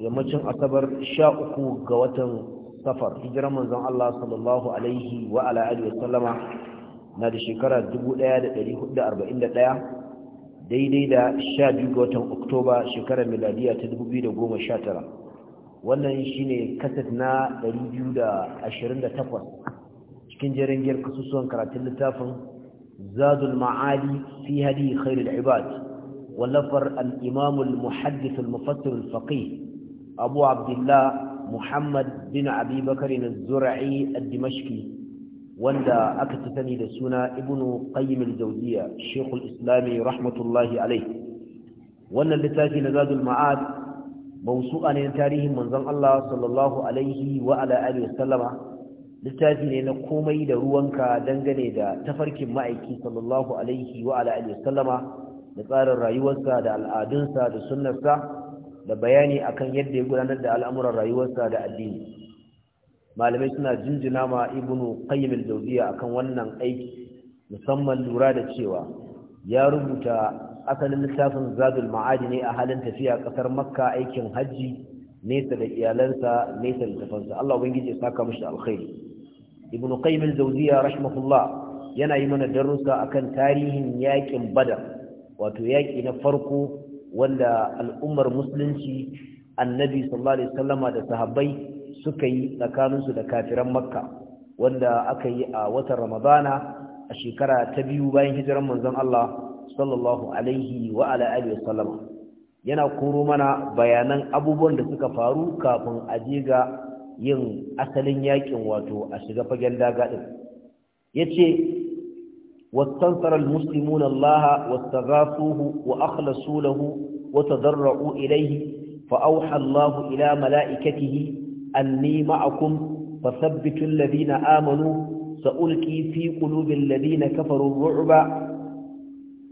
yammacin asabar sha uku ga watan safar hijirar manzon Allah sallallahu alaihi wa ala alihi wasallama na da shekara 1441 daidai da sha biyu ga watan oktoba shekarar miladiya ta 2019 wannan shine kaset na 228 cikin jerin giyar kasusuwan karatun littafin zadul ma'ali fi hadi khairul ibad wallafar al-imam al-muhaddith al-mufassir al-faqih أبو عبد الله محمد بن أبي بكر الزرعي الدمشقي وندا أكتسني لسنا ابن قيم الجوزية شيخ الإسلام رحمة الله عليه وانا لتاجي لذاد المعاد موسوعة لتاريه من ذن الله صلى الله عليه وعلى آله وسلم لتاجي لنقومي لروانك دنجني دا تفرك معيكي صلى الله عليه وعلى آله وسلم لقار الرأيوانسا دا الآدنسا دا سنسا da bayani akan yadda ya gudanar da al'amuran rayuwarsa da addini malamai suna jinjina ma ibnu qayyim al akan wannan aiki musamman lura da cewa ya rubuta asalin littafin zadul ma'adi ne a halin tafiya kasar makka aikin hajji nesa da iyalansa nesa da tafansa Allah ubangiji ya saka mishi alkhairi ibnu qayyim al rahimahullah yana yi mana darussa akan tarihin yakin badar wato yaƙi na farko wanda al'ummar musulunci annabi sallallahu alaihi wasallama da sahabbai suka yi tsakaninsu da kafiran makka wanda aka yi a watan ramadana a shekara ta biyu bayan hijiran manzon Allah sallallahu alaihi wa ala alihi wasallama yana koro mana bayanan abubuwan da suka faru kafin a je ga yin asalin yakin wato a shiga fagen daga din yace واستنصر المسلمون الله واستغاثوه وأخلصوا له وتضرعوا إليه فأوحى الله إلى ملائكته أني معكم فثبتوا الذين آمنوا سألقي في قلوب الذين كفروا الرعب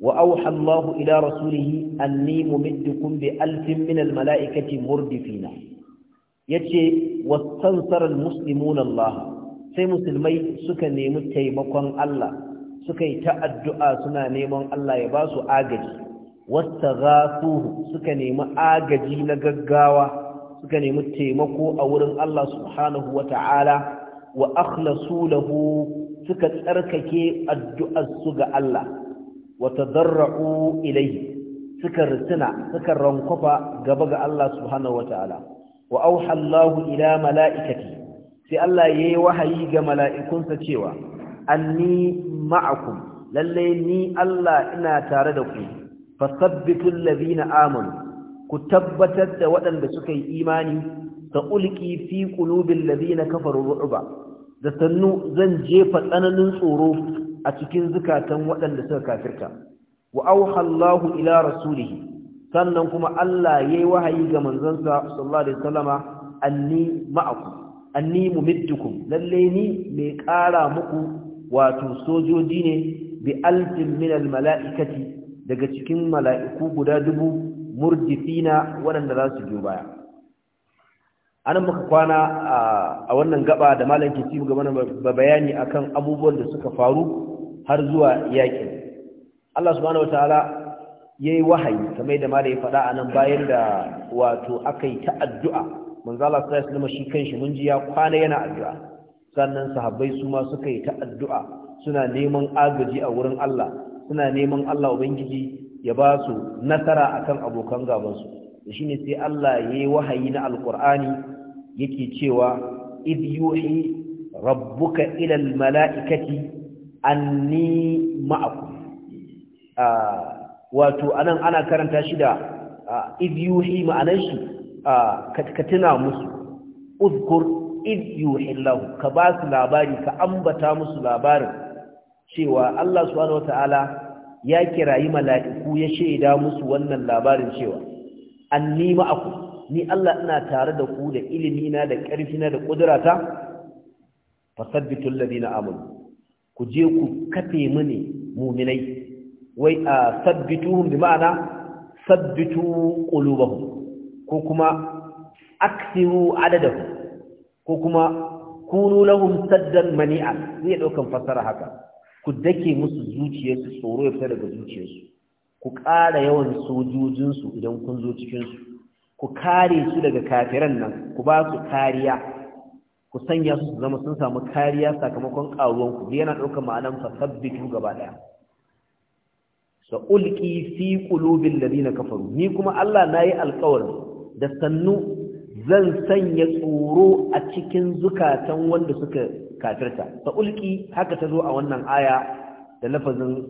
وأوحى الله إلى رسوله أني ممدكم بألف من الملائكة مردفين يتي واستنصر المسلمون الله سي مسلمي سكني متيمكم الله suka yi ta addu'a suna neman Allah ya ba su agaji su suka nemi agaji na gaggawa suka nemi taimako a wurin Allah subhanahu wa ta'ala wa akhlasu lahu suka tsarkake addu'arsu ga Allah wa tadarra'u ilayhi suka rutuna suka rankwafa gaba ga Allah subhanahu wa ta'ala wa auha ila mala'ikati sai Allah yayi wahayi ga mala'ikunsa cewa anni ma'akum lalle ni Allah ina tare da ku fasabbitul ladina amanu ku tabbatar da waɗanda suka yi imani ta ulki fi qulubil ladina kafaru ru'ba da sannu zan jefa tsananin tsoro a cikin zukatan waɗanda suka kafirta wa auha Allahu ila rasulihi sannan kuma Allah yayi wahayi ga manzansa sallallahu alaihi wasallama anni ma'akum anni mumiddukum lalle ni mai ƙara muku wato sojoji ne bi alfin min almala'ikati daga cikin mala'iku guda dubu murjifina waɗanda za su biyo baya an muka kwana a wannan gaba da malam ci gaba da bayani akan abubuwan da suka faru har zuwa yakin Allah subhanahu wataala yayi wahayi kamar da ya faɗa a nan bayan da wato akai ta addu'a manzo Allah sallallahu alaihi wasallam shi kanshi mun ji ya kwana yana addu'a sannan sahabbai su ma suka yi ta addu'a suna neman agaji a wurin Allah suna neman Allah ubangiji ya ba su nasara akan abokan gabansu shine sai Allah ya yi wahayi na alkur'ani yake cewa id yuhi rabbuka ila almala'ikati anni ma'akum wato anan ana karanta shi da id yuhi ma'anar shi ka tuna musu uzkur iz yuhillahu ka ba su labari ka ambata musu labarin cewa Allah subhanahu wataala ya kirayi mala'iku ya shaida musu wannan labarin cewa anni aku ni Allah ina tare da ku da ilimi na da ƙarfi na da ƙudurata fasabbitu alladhina amanu ku je ku kafe mini mu'minai wai a sabbituhum bi ma'ana sabbitu qulubahum ko kuma aksiru adadahum ko kuma kunu lahum saddan mani'a zai daukan fasara haka ku dake musu zuciyarsu tsoro ya fita daga zuciyarsu ku ƙara yawan sojojinsu idan kun zo cikin su ku kare su daga kafiran nan ku ba su kariya ku sanya su zama sun samu kariya sakamakon ƙaruwanku yana ɗaukar ma'anar fasabbitu gaba ɗaya sa ulki fi qulubil ladina kafaru ni kuma Allah nayi alƙawarin da sannu zan sanya tsoro a cikin zukatan wanda suka kafirta ta ulki haka ta zo a wannan aya da lafazin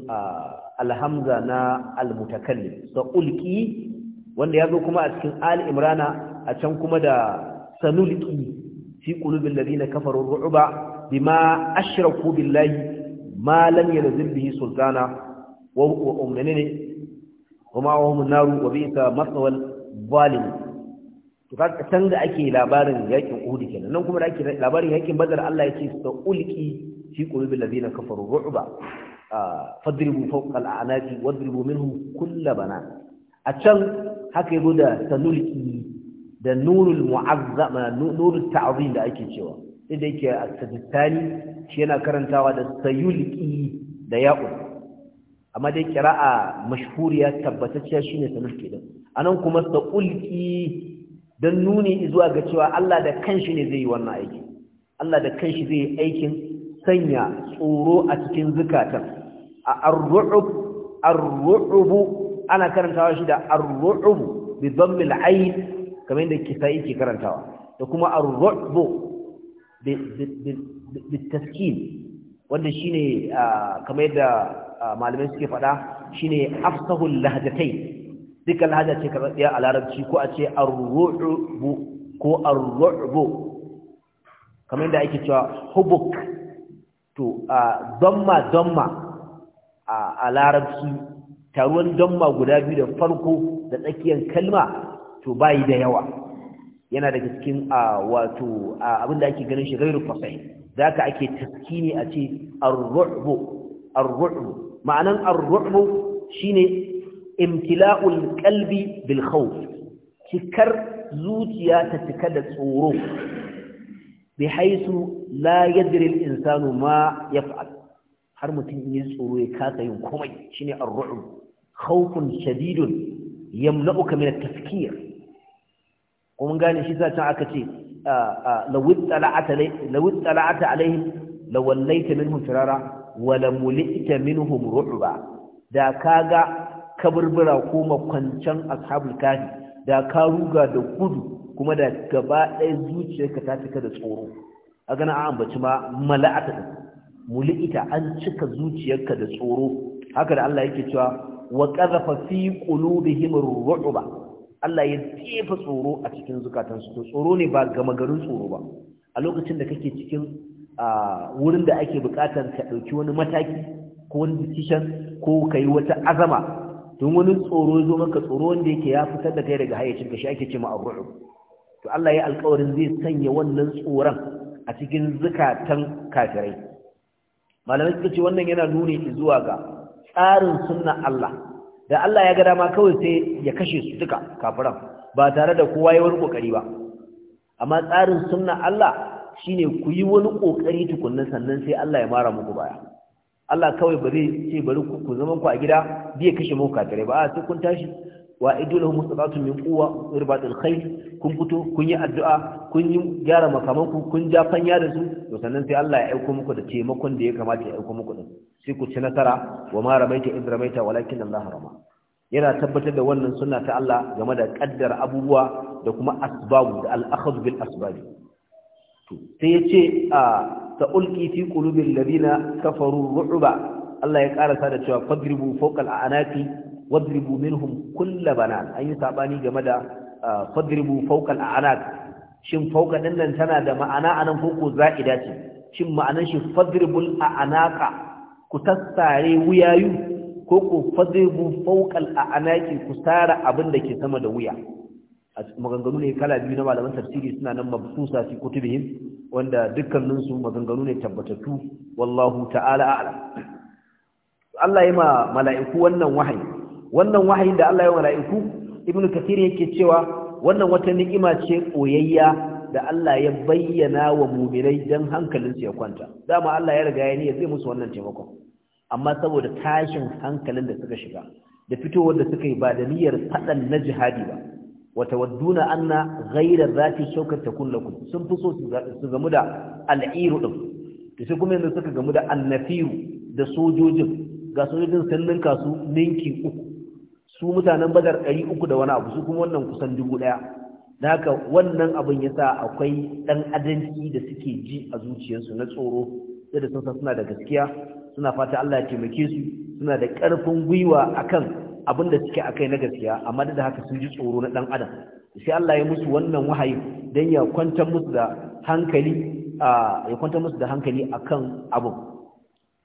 alhamza na almutakalli ta ulki wanda ya zo kuma a cikin al'imrana a can kuma da sanulki fi ƙulubin da zina kafarar ba bi ma ashiraku billahi ma lam da zirbihi sultana wa umarni ne kuma wa naru wa bi isa matsawar balin. to can da ake labarin yakin Uhud kenan nan kuma da ake labarin yakin Badar Allah ya ce sa ulqi fi qulubil ladina kafaru ru'ba fadribu fawqa al'anati wadribu minhum kull bana a can haka yazo da sanulki da nurul mu'azzama nurul ta'zim da ake cewa inda yake a tajtani shi yana karantawa da sayulki da yau amma dai kira'a mashhuriya tabbatacciya shine sanulqi din anan kuma sa'ulki. don nuni zuwa ga cewa Allah da kanshi ne zai yi wannan aiki Allah da kanshi zai yi aikin sanya tsoro a cikin zukatan a arru'ub arru'ubu ana karantawa shi da arru'ub bi dhammil ayn kamar yadda kisai yake karantawa da kuma arru'bu bi bi wanda shine ah, kamar yadda ah, malamai suke faɗa shine afsahul lahjatain dukkan haja ce kamar ɗaya a larabci ko a ce arru'ubu ko arru'ubu kamar yadda ake cewa hubuk to a damma damma a larabci taruwan damma guda biyu da farko da tsakiyar kalma to bayi da yawa yana daga cikin wato abin da ake ganin shi gairu fasai zaka ake taskini a ce arru'ubu arru'ubu ma'anan arru'ubu shine imtila'ul qalbi bil khawf cikar zuciya ta cika da tsoro bi haisu la yadri al insanu ma yaf'al har mutum in tsoro ya kasa yin komai shine ar-ru'b khawfun shadidun yamna'uka min at-tafkir kuma gane shi sa can aka ce ah, ah, lawit tala'ata alaihim lawallaita minhum firara wala mulita minhum ru'ba da kaga kaburbura ko makwancan ashabul kafi da ka ruga da gudu kuma da gaba ɗaya zuciyarka ta cika da tsoro a gana an ambaci ma mala'ata da mulita an cika zuciyarka da tsoro haka da Allah yake cewa wa qadhafa fi qulubihim ar-ru'ba Allah ya jefa tsoro a cikin zukatansu to tsoro ne ba gama garin tsoro ba a lokacin da kake cikin wurin da ake bukatar ka dauki wani mataki ko wani decision ko kai wata azama don wani tsoro zo maka tsoro wanda yake ya fitar da kai daga hayyacin ka shi ake cewa ma ruhu to Allah ya alƙawarin zai sanya wannan tsoron a cikin zukatan kafirai malamai suka ce wannan yana nuni zuwa ga tsarin sunna Allah da Allah ya ga dama kawai sai ya kashe su duka kafiran ba tare da kowa ya wani kokari ba amma tsarin sunna Allah shine ku yi wani kokari tukunna sannan sai Allah ya mara muku baya Allah kawai ba zai ce bari ku zama ku a gida biye kashe muku kafirai ba a sai kun tashi wa idulahum mustata'atun min quwwa irbatul khayl kun fito kun yi addu'a kun yi gyara makamanku kun ja fanya da su to sannan sai Allah ya aiko muku da taimakon da ya kamata ya aiko muku din sai ku ci nasara wa ma ramaita id ramaita walakin Allah rama yana tabbatar da wannan sunna ta Allah game da kaddara abubuwa da kuma asbabu da al-akhd bil asbab to sai yace a sa'ulki fi qulubil ladina kafaru Allah ya karasa da cewa fadribu fawqa al'anati wadribu minhum kull banan an yi saɓani game da fadribu a anaki. shin fawqa din nan tana da ma'ana anan koko za'ida ce shin ma'anan shi fadribul a'anaka ku tassare wuyayu koko fadribu a anaki ku sare abin da ke sama da wuya maganganu ne kala biyu na malaman tafsiri suna nan mabsusa fi kutubihim wanda dukkanin su maganganu ne tabbatattu wallahu ta'ala a'lam Allah ya ma mala'iku wannan wahayi wannan wahayin da Allah ya mala'iku ibnu kathir yake cewa wannan wata ni'ima ce koyayya da Allah ya bayyana wa mu'minai dan hankalin su ya kwanta dama Allah ya riga ya ne zai musu wannan taimakon amma saboda tashin hankalin da suka shiga da fitowar da suka yi ba da niyyar fadan na jihadi ba wata wadduna anna ghayra zati shaukar takun lakum sun fi so su gamu da al'iru din to sai kuma yanzu suka gamu da annafiru da sojojin ga sojojin sannan kasu ninki uku su mutanen badar ɗari uku da wani abu su kuma wannan kusan dubu ɗaya da haka wannan abin ya sa akwai ɗan adanci da suke ji a zuciyarsu na tsoro sai da sun san suna da gaskiya suna fata Allah ya taimake su suna da ƙarfin gwiwa akan abin da suke akai na gaskiya amma da haka sun ji tsoro na dan adam sai Allah ya musu wannan wahayi dan ya kwantar musu da hankali ya kwantar musu da hankali akan abu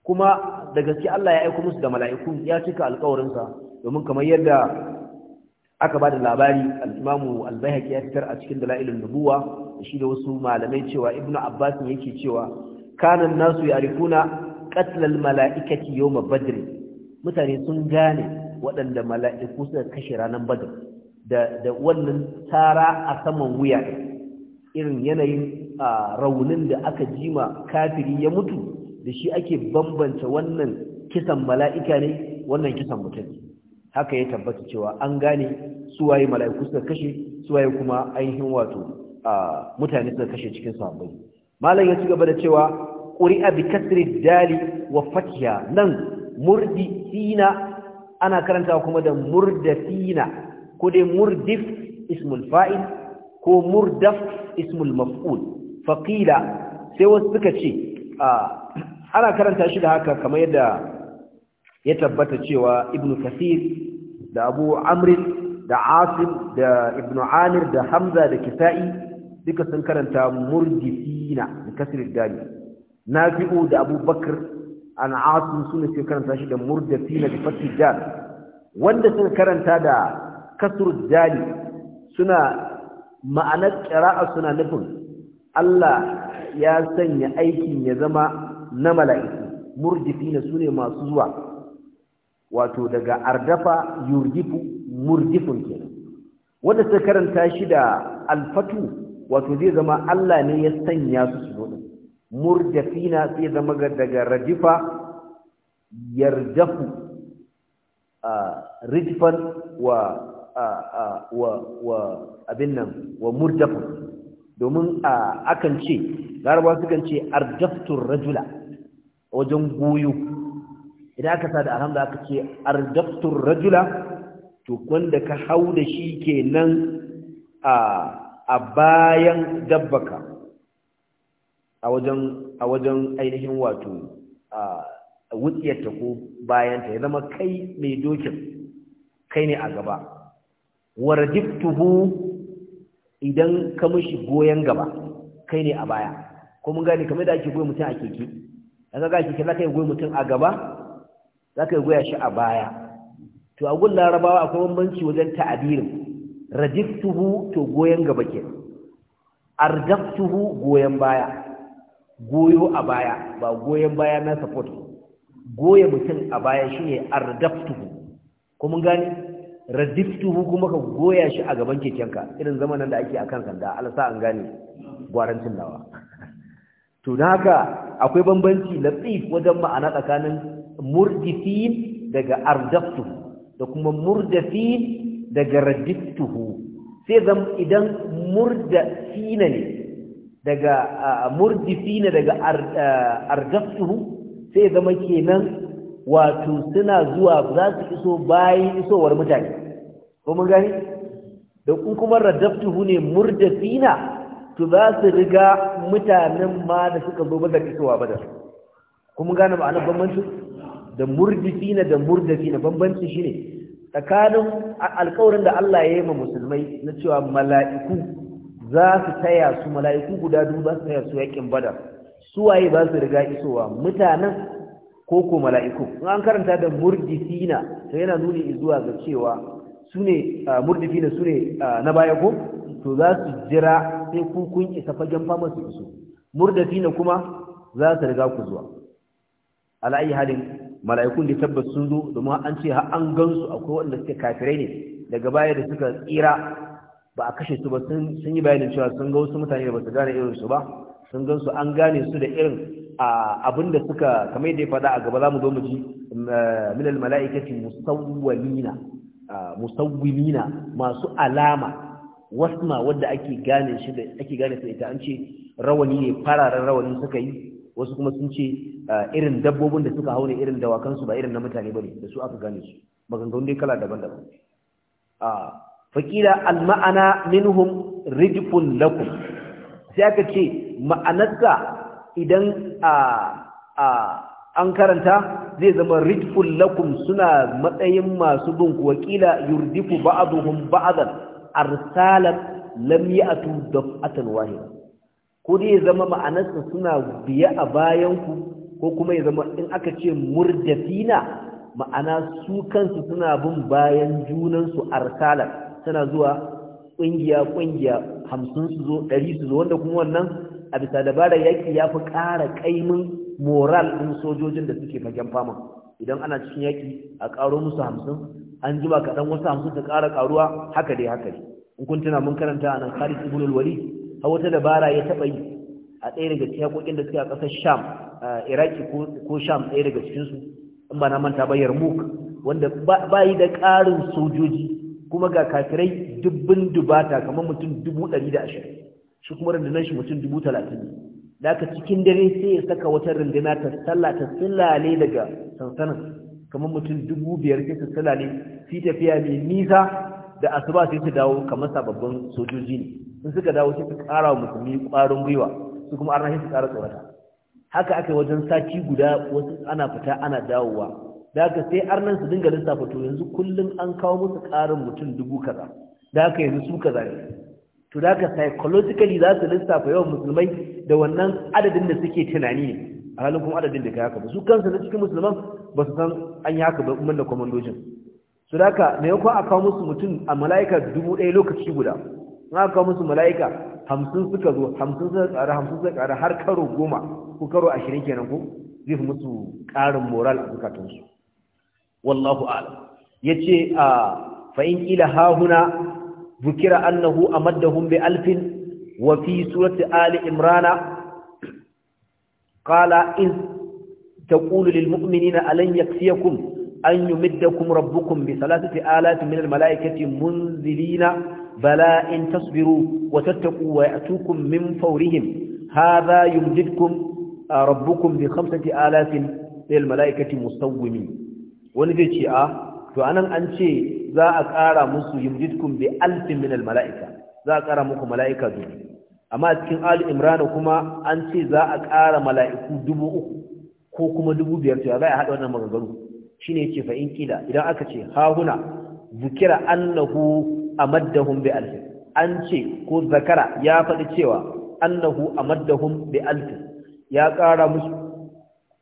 kuma da gaskiya Allah ya aika musu da mala'iku ya cika sa domin kamar yadda aka ba da labari al-Baihaqi ya fitar a cikin dala'ilin nubuwa shi da wasu malamai cewa ibn abbas yake cewa kanan nasu ya rikuna al mala'ikati yawm badri mutane sun gane waɗanda mala'iku suka kashe ranar badar da wannan tara a saman wuya irin yanayin raunin da aka jima kafiri ya mutu da shi ake bambanta wannan kisan mala'ika ne wannan kisan mutum haka ya tabbata cewa an gane suwaye mala'iku suka kashe suwaye kuma ainihin wato mutane suka kashe cikin sahabbai malam ya ci gaba da cewa ƙuri'a bi dali wa fatiha nan murdi sina ana karanta kuma da murdafina ko dai murdif ismul fa'il ko murdaf ismul maf'ul faqila sai wasu suka ce ana karanta shi da haka kamar yadda ya tabbata cewa ibnu kasir da abu amr da asim da ibnu amir da hamza da kisa'i duka sun karanta murdifina da kasir dali nafi'u da abubakar an asim sune ce karanta shi da na da fatih dal wanda suka karanta da kasru dali suna ma'anar qira'a suna nufin Allah ya sanya aikin ya zama na mala'iku su ne masu zuwa wato daga ardafa yurdifu murdifun ke. wanda suka karanta shi da alfatu wato zai zama Allah ne ya sanya su su murjafina sai zama daga rajifa yarjafu rijfan wa wa wa abin nan wa murjafu domin akan ce garba sukan ce arjaftun rajula wajen goyo idan aka sa da alhamdu aka ce arjaftun rajula to wanda ka hau da shi kenan a bayan dabbaka a wajen a wajen ainihin wato a wutsiyarta ko bayanta ya zama kai mai dokin kai ne a gaba warjibtuhu idan ka mishi goyen gaba kai ne a baya ko mun gane kamar da ake goyi mutum a keke an ga keke za ka yi goyi mutum a gaba za ka yi goya shi a baya to a gun larabawa akwai bambanci wajen ta'abirin rajiftuhu to goyen gaba ke ardaftuhu goyen baya goyo a baya ba goyon baya na support goye mutum a baya shine ardaftuhu kuma gani radiftuhu kuma ka goya shi a gaban kekenka irin zamanin da ake kan sanda alasa an gane gwarancin nawa to haka akwai bambanci tsif wajen ma'ana tsakanin murdifin daga ardaftuhu da kuma murdifin daga radiftuhu sai zan idan murdifina ne daga murjifina daga argaftuhu sai zama kenan wato suna zuwa za su iso bayan isowar mutane ko mun gani da kuma radaftuhu ne murjifina to za su riga mutanen ma da suka zo ba da isowa ba da kuma gane ma'anar bambancin da murjifina da murjifina bambancin shine tsakanin alƙawarin da Allah ya yi ma musulmai na cewa mala'iku za su taya su mala'iku guda biyu za su taya su yakin badar su waye ba su riga isowa mutanen ko ko mala'iku in an karanta da murdifina to yana nuni zuwa ga cewa su ne murdifina su ne na baya ko to za su jira sai ku kun isa fagen fama su iso murdifina kuma za su riga ku zuwa ala'ayi halin mala'ikun da tabbas sun zo domin an ce har an gansu akwai wanda suke kafirai ne daga baya da suka tsira ba a kashe su ba sun yi bayanin cewa sun ga wasu mutane da ba su gane irin su ba sun gan su an gane su da irin abin da suka kamar yadda ya faɗa a gaba za mu zo mu ji eh, minal mala'ikati musawwalina musawwimina masu alama wasma wadda ake gane shi da ake gane su ita an ce rawani ne fararen rawani suka yi wasu kuma sun ce irin dabbobin da suka haune irin dawakan su ba irin na mutane bane da su aka gane su maganganun dai kala daban-daban faƙila alma'ana minhum rijfun lakum sai aka ce ma'anarsa idan an karanta zai zama rijfun lakum suna matsayin masu bin ku. Waƙila yurdifu ba'aduhum ba'adan arsalat lam ya'tu daf'atan wahida ko dai zama ma'anarsa suna biya a bayan ku ko kuma ya zama in aka ce murdafina ma'ana su kansu suna bin bayan junansu arsalat tana zuwa ƙungiya ƙungiya hamsin su zo ɗari su zo wanda kuma wannan a bisa dabarar yaƙi ya fi ƙara ƙaimin moral ɗin sojojin da suke fagen fama idan ana cikin yaƙi a ƙaro musu hamsin an ba kaɗan wasu hamsin su ƙara ƙaruwa haka dai haka dai in kun tuna mun karanta a nan khalid ibn al-walid wata dabara ya taɓa yi a ɗaya daga cikin yaƙoƙin da suke a ƙasar sham iraki ko sham ɗaya daga cikinsu in ba na manta ba yarmouk wanda ba yi da ƙarin sojoji kuma ga kafirai dubbin dubata kamar mutum dubu ɗari da ashirin shi kuma rundunar shi mutum dubu talatin da aka cikin dare sai ya saka wata runduna ta sallah ta sallale daga sansanin kamar mutum dubu biyar sai ta sallale fi tafiya mai nisa da asuba sai su dawo kamar sababbin sojoji ne sun suka dawo sai su ƙara wa musulmi ƙwarin gwiwa su kuma arna sai su ƙara tsorata haka aka yi wajen sati guda wasu ana fita ana dawowa da haka sai arnan su dinga lissafa to yanzu kullum an kawo musu ƙarin mutum dubu kaza da haka yanzu su kaza ne to da haka psychologically za su lissafa yawan musulmai da wannan adadin da suke tunani ne a halin kuma adadin da ka haka ba su kansu na cikin musulman ba su san an yi haka ba kuma da kwamandojin su da haka maimakon a kawo musu mutum a mala'ika dubu ɗaya lokaci guda na kawo musu mala'ika hamsin suka zo hamsin suka ƙara hamsin suka ƙara har karo goma ko karo ashirin kenan ko zai fi musu ƙarin moral a zukatansu wallahu ya ce a fa’in ila hahuna bukira annahu a maddahun bi alfin wafi fi surat ali imrana kala in ta ƙulu lilmukmini na alan ya kun an yi midda kuma rabbukun bi salatu fi alati mala’ikati mun zilina bala in tasbiru wata ta ƙuwa ya tukun min faurihim ha za yi midda kuma rabbukun bi hamsa fi alati mala’ikati musawwimi wani zai ce a ah, to anan an ce za a ƙara musu yumjidkum bi alfin min mala'ika za a ƙara muku mala'ika dubu amma cikin ali imrana kuma an ce za a ƙara mala'iku dubu uku ko kuma dubu biyar to za a haɗa wannan maganganu shine yace fa in kila idan aka ce ha huna zukira annahu amaddahum bi alfin an ce ko zakara ya faɗi cewa annahu amaddahum bi alfin ya ƙara musu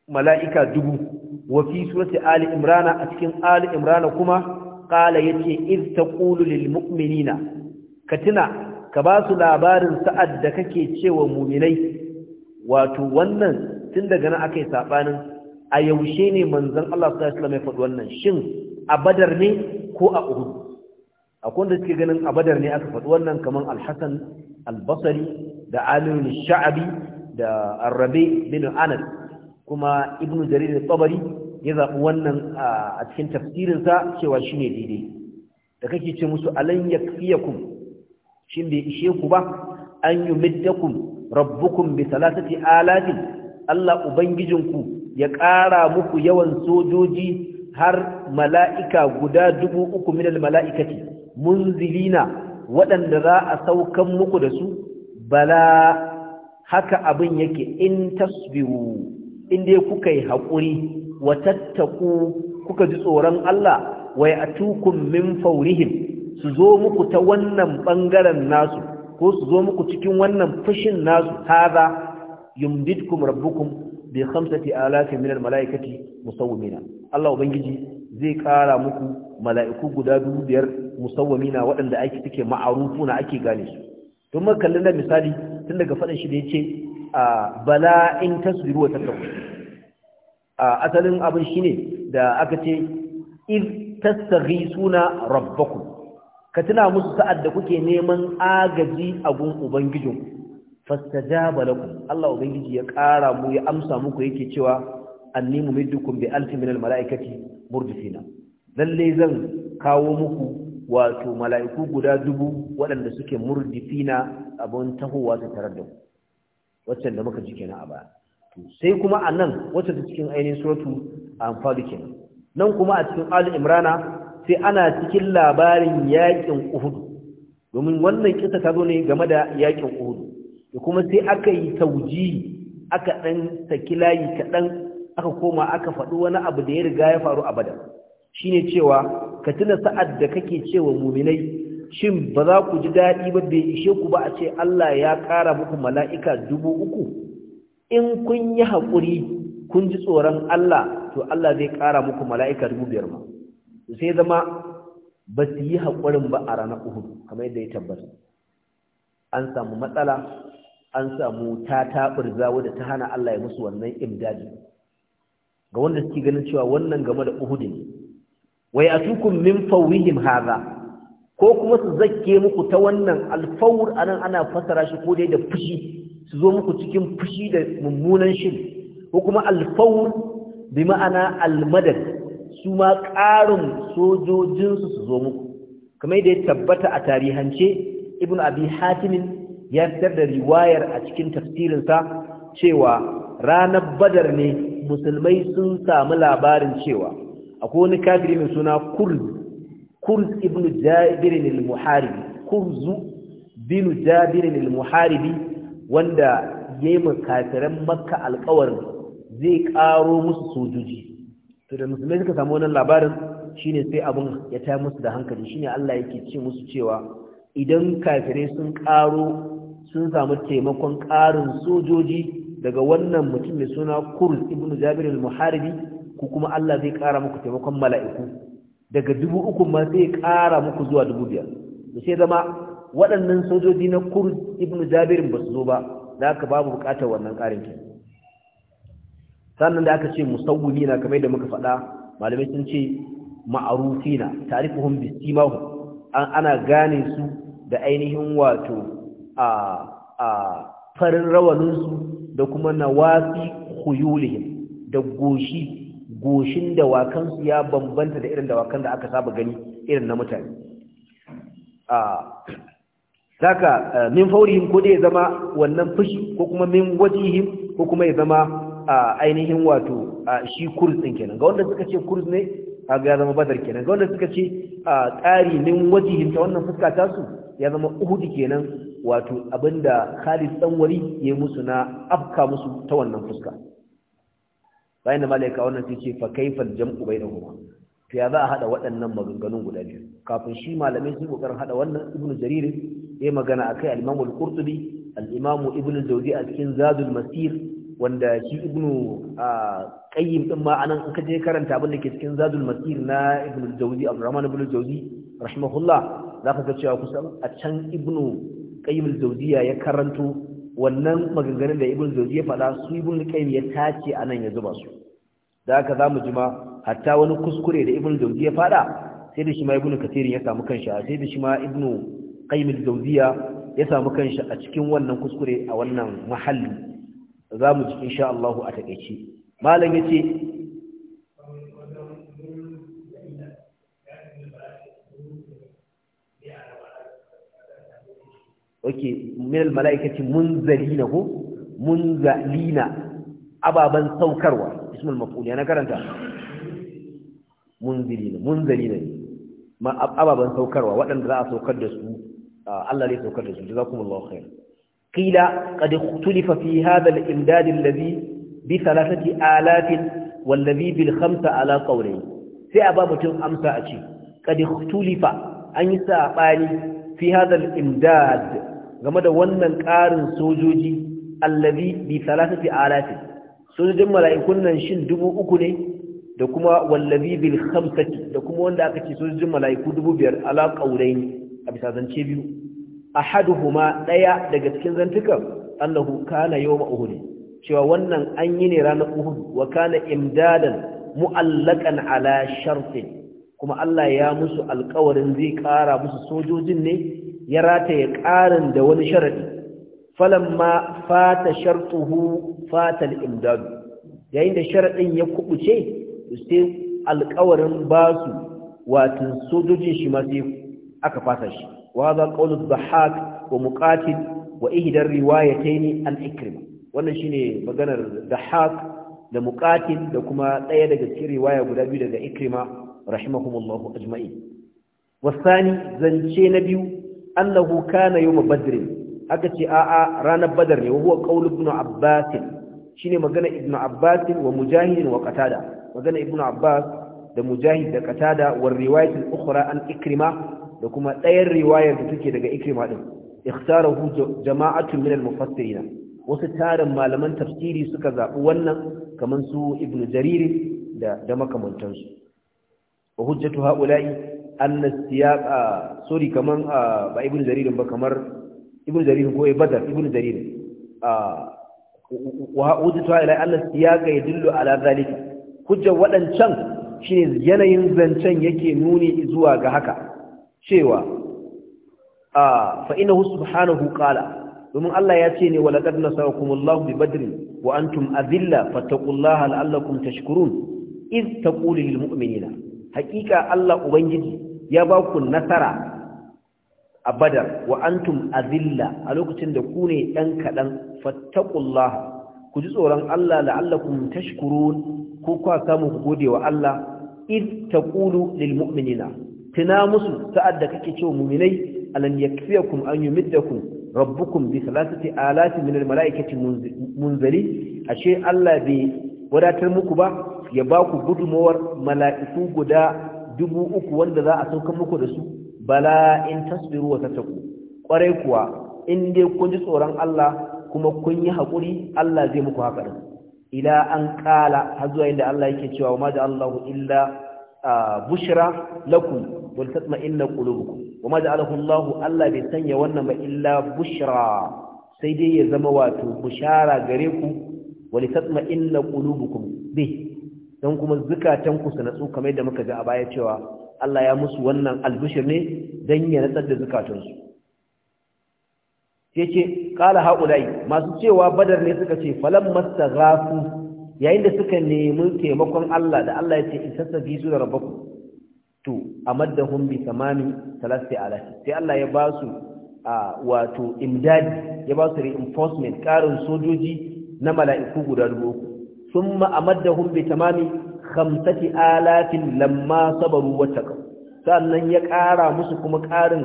mala'ika dubu Wafi surati ali imrana a cikin ali imrana kuma ƙala yace iz taqulu lil mu'minina tuna ka ba su labarin sa'ad da kake cewa mu'minai wato wannan tun daga aka yi saɓanin a yaushe ne manzon Allah sallallahu alaihi wasallam faɗi wannan shin a badar ne ko a uhud akwai da suke ganin a badar ne aka faɗi wannan kaman Alhassan, Albasari, da alim sha'abi da arrabi bin anas kuma ibnu jarir al-tabari ya zaɓi wannan a cikin tafsirin sa cewa shine daidai da kake ce musu alan yakfiyakum shin bai ishe ku ba an yumiddakum rabbukum bi salatati alatin Allah ubangijinku ya ƙara muku yawan sojoji har mala'ika guda dubu uku minal mala'ikati munzilina waɗanda za a saukan muku da su bala haka abin yake in tasbiru in dai kuka yi haƙuri wa tattaku kuka ji tsoron Allah wa tukun min fawrihim su zo muku ta wannan ɓangaren nasu ko su zo muku cikin wannan fushin nasu hada yumdidkum rabbukum bi khamsati alafin min almalaikati musawwimina Allah ubangiji zai kara muku mala'iku guda dubu biyar musawwimina waɗanda ake suke ma'arufuna ake gane su don muka kalli na misali tun daga faɗin shi da ce. bala in tasbiru wa tattaku asalin abin shine da aka ce iz suna rabbaku ka tuna musu sa'ad da kuke neman agaji a gun ubangijinku fastajaba lakum Allah ubangiji ya kara mu ya amsa muku yake cewa anni mumiddukum bi alfin minal malaikati murdifina lalle zan kawo muku wato mala'iku guda dubu waɗanda suke murdifina abun tahowa su tarar da ku waccan da muka ji kenan a baya sai kuma a nan wacce ta cikin ainihin suratu anfal kenan nan kuma a cikin ali imrana sai ana cikin labarin yakin uhudu domin wannan kisa ta zo ne game da yakin uhudu da kuma sai aka yi tauji aka dan saki layi kaɗan aka koma aka faɗi wani abu da ya riga ya faru a badar shine cewa ka tuna sa'ad da kake cewa muminai shin ba za ku ji daɗi ba bai ishe ku ba a ce Allah ya ƙara muku mala'ika dubu uku in kun yi haƙuri kun ji tsoron Allah to Allah zai ƙara muku mala'ika dubu biyar ma sai zama ba su yi haƙurin ba a ranar uhudu kamar yadda ya tabbata an samu matsala an samu ta zawo wadda ta hana Allah ya musu wannan imdadi ga wanda suke ganin cewa wannan game da uhudu ne wai tukun min fawihim haza? ko kuma su zakke muku ta wannan alfawur anan ana fasara shi ko dai da fushi su zo muku cikin fushi da mummunan shi. ko kuma alfawur bi ma'ana almadad su ma ƙarin sojojinsu su zo muku kamar da ya tabbata a tarihance ibn abi hatimin ya fitar da riwayar a cikin tafsirinsa cewa ranar badar ne musulmai sun samu labarin cewa akwai wani kafiri mai suna kurdi kurz ibn jabirin al-muharibi kurzu bin jabirin al-muharibi wanda ya yi makafiran makka alkawarin zai karo musu sojoji to da musulmai suka samu wannan labarin shine sai abun ya ta musu da hankali shine Allah yake ce musu cewa idan kafirai sun karo sun samu taimakon ƙarin sojoji daga wannan mutum mai suna kurz ibn jabir al-muharibi ku kuma Allah zai ƙara muku taimakon mala'iku daga dubu uku ma sai ya ƙara muku zuwa dubu biyar da sai zama waɗannan sojoji na kur ibn jabirin ba su zo ba da aka babu buƙatar wannan ƙarin ke sannan da aka ce musawwimi na kamar da muka faɗa malamai sun ce ma'arufi na tarifuhum bisimahu an ana gane su da ainihin wato a a farin rawaninsu da kuma nawasi khuyulihim da goshi goshin dawakansu ya bambanta da irin dawakan da aka saba gani irin na mutane saka min faurihin ko dai ya zama wannan fushi ko kuma min wajihin, ko kuma ya zama ainihin wato shi kurz din kenan ga wanda suka ce kurz ne ga ya zama badar kenan ga wanda suka ce tsari min wajihin ta wannan fuska ta su ya zama uhud kenan wato abinda Khalid dan ya musu na afka musu ta wannan fuska bayan da malaika wannan sai ce fa kaifa jam'u bainahuma to ya za a hada waɗannan maganganun guda biyu kafin shi malamai sun kokarin hada wannan Ibn jarir yayi magana akai al-imam al-qurtubi al-imam ibnu jawzi a cikin zadul masir wanda shi Ibn qayyim din ma anan in ka je karanta abin da ke cikin zadul masir na ibnu jawzi abdurrahman ibnu jawzi rahimahullah ka ga cewa kusan a can Ibn qayyim al-jawziya ya karanto wannan maganganun da ibn jauzi ya faɗa su ibn qayyim ya tace anan ya zuba su da haka zamu ji ma hatta wani kuskure da ibn jauzi ya faɗa sai da shi ma ibn kathir ya samu kansa sai da shi ma ibn qayyim al ya samu kansa a cikin wannan kuskure a wannan mahalli zamu ji insha Allah a takeice malam yace okay mala'ikaci mala'ikati munzalina ko munzalina ababan saukarwa ismul maf'ul na karanta munzalina munzalina ma ababan saukarwa waɗanda za a saukar da su Allah ne saukar da su jazakumullahu khair qila qad ikhtulifa fi hadha al-imdad alladhi bi thalathati alafin wallazi bil khamsa ala qawlayn sai a ba mutum amsa a ce qad ikhtulifa an yi sabani fi hadha al-imdad game da wannan ƙarin sojoji allabi bi salasati alafin sojojin mala'ikun nan shin dubu uku ne da kuma wallabi bil khamsati da kuma wanda aka ce sojojin mala'iku dubu biyar ala qaulaini a bisa zance biyu A ahaduhuma ɗaya daga cikin zantukan annahu kana yawma uhud cewa wannan an yi ne ranar uhud wa kana imdadan mu'allaqan ala shartin kuma Allah ya musu alƙawarin zai ƙara musu sojojin ne ya rataye ƙarin da wani sharaɗi falamma fata shartuhu fata al-imdad yayin da sharaɗin ya kubuce sai alƙawarin basu wato sojojin shi ma sai aka fata shi wa za qawlu dhahak wa muqatil wa ihdar riwayatayn al-ikrim wannan shine maganar dhahak da muqatil da kuma ɗaya daga cikin riwaya guda biyu daga ikrima rahimahumullahu ajma'in wasani zance na biyu annahu kana yawm badr aka ce a'a ranar badar ne wa huwa qaul ibn abbas shine magana ibn abbas wa mujahid wa qatada magana ibn abbas da mujahid da qatada wa riwayat al-ukhra an ikrima da kuma ɗayan riwayar da take daga ikrima din ikhtarahu jama'atun min al-mufassirin wasu tarin malaman tafsiri suka zaɓi wannan kamar su ibn jarir da da makamantansu wa hujjatu ha'ula'i annas siyaqa sorry kaman ba ibnu Jaririn ba kamar ibnu Jaririn ko ibadar ibnu jarir wa wujita ila annas siyaqa yadullu ala zalika hujja wadancan shine yanayin zancen yake nuni zuwa ga haka cewa fa innahu subhanahu qala domin Allah ya ce ne wa laqad nasarakumullahu bi badrin wa antum adilla fattaqullaha la'allakum tashkurun iz taqulu lil mu'minina haƙiƙa Allah Ubangiji ya ba ku nasara a badar wa antum azilla a lokacin da ku ne ɗan kaɗan fattakullah ku ji tsoron Allah la'allakum tashkurun ko kwa samu ku gode wa Allah ta taqulu lil mu'minina tuna musu sa'ad da kake cewa mu'minai alam yakfiyakum an yumiddakum rabbukum bi thalathati alati min al mala'ikati munzali ashe Allah bai wadatar muku ba ya ba ku gudumawar mala'iku guda dubu uku wanda za a saukan muku da su bala in tasbiru wa tattaku kwarai kuwa in dai kun ji tsoron Allah kuma kun yi haƙuri Allah zai muku haka din ila an kala har zuwa inda Allah yake cewa ma da Allahu illa bushra lakum wal tatma'inna qulubukum wama ja'alahu Allahu Allah bai sanya wannan ba illa bushra sai dai ya zama wato bushara gare ku wal tatma'inna qulubukum bi don kuma zukatanku su natsu kamar da muka ji a baya cewa Allah ya musu wannan albishir ne don ya natsar da zukatansu su ce ƙala haƙulai masu cewa badar ne suka ce falon masta gafu yayin da suka nemi taimakon Allah da Allah ya ce in sassa bi su da to a maddahun bi samanin talasti alati. sai Allah ya ba su wato imdadi ya ba su reinforcement ƙarin sojoji na mala'iku guda dubu ثم أمدهم بتمام خمسة lamma لما صبروا واتقوا sannan ya ƙara musu kuma ƙarin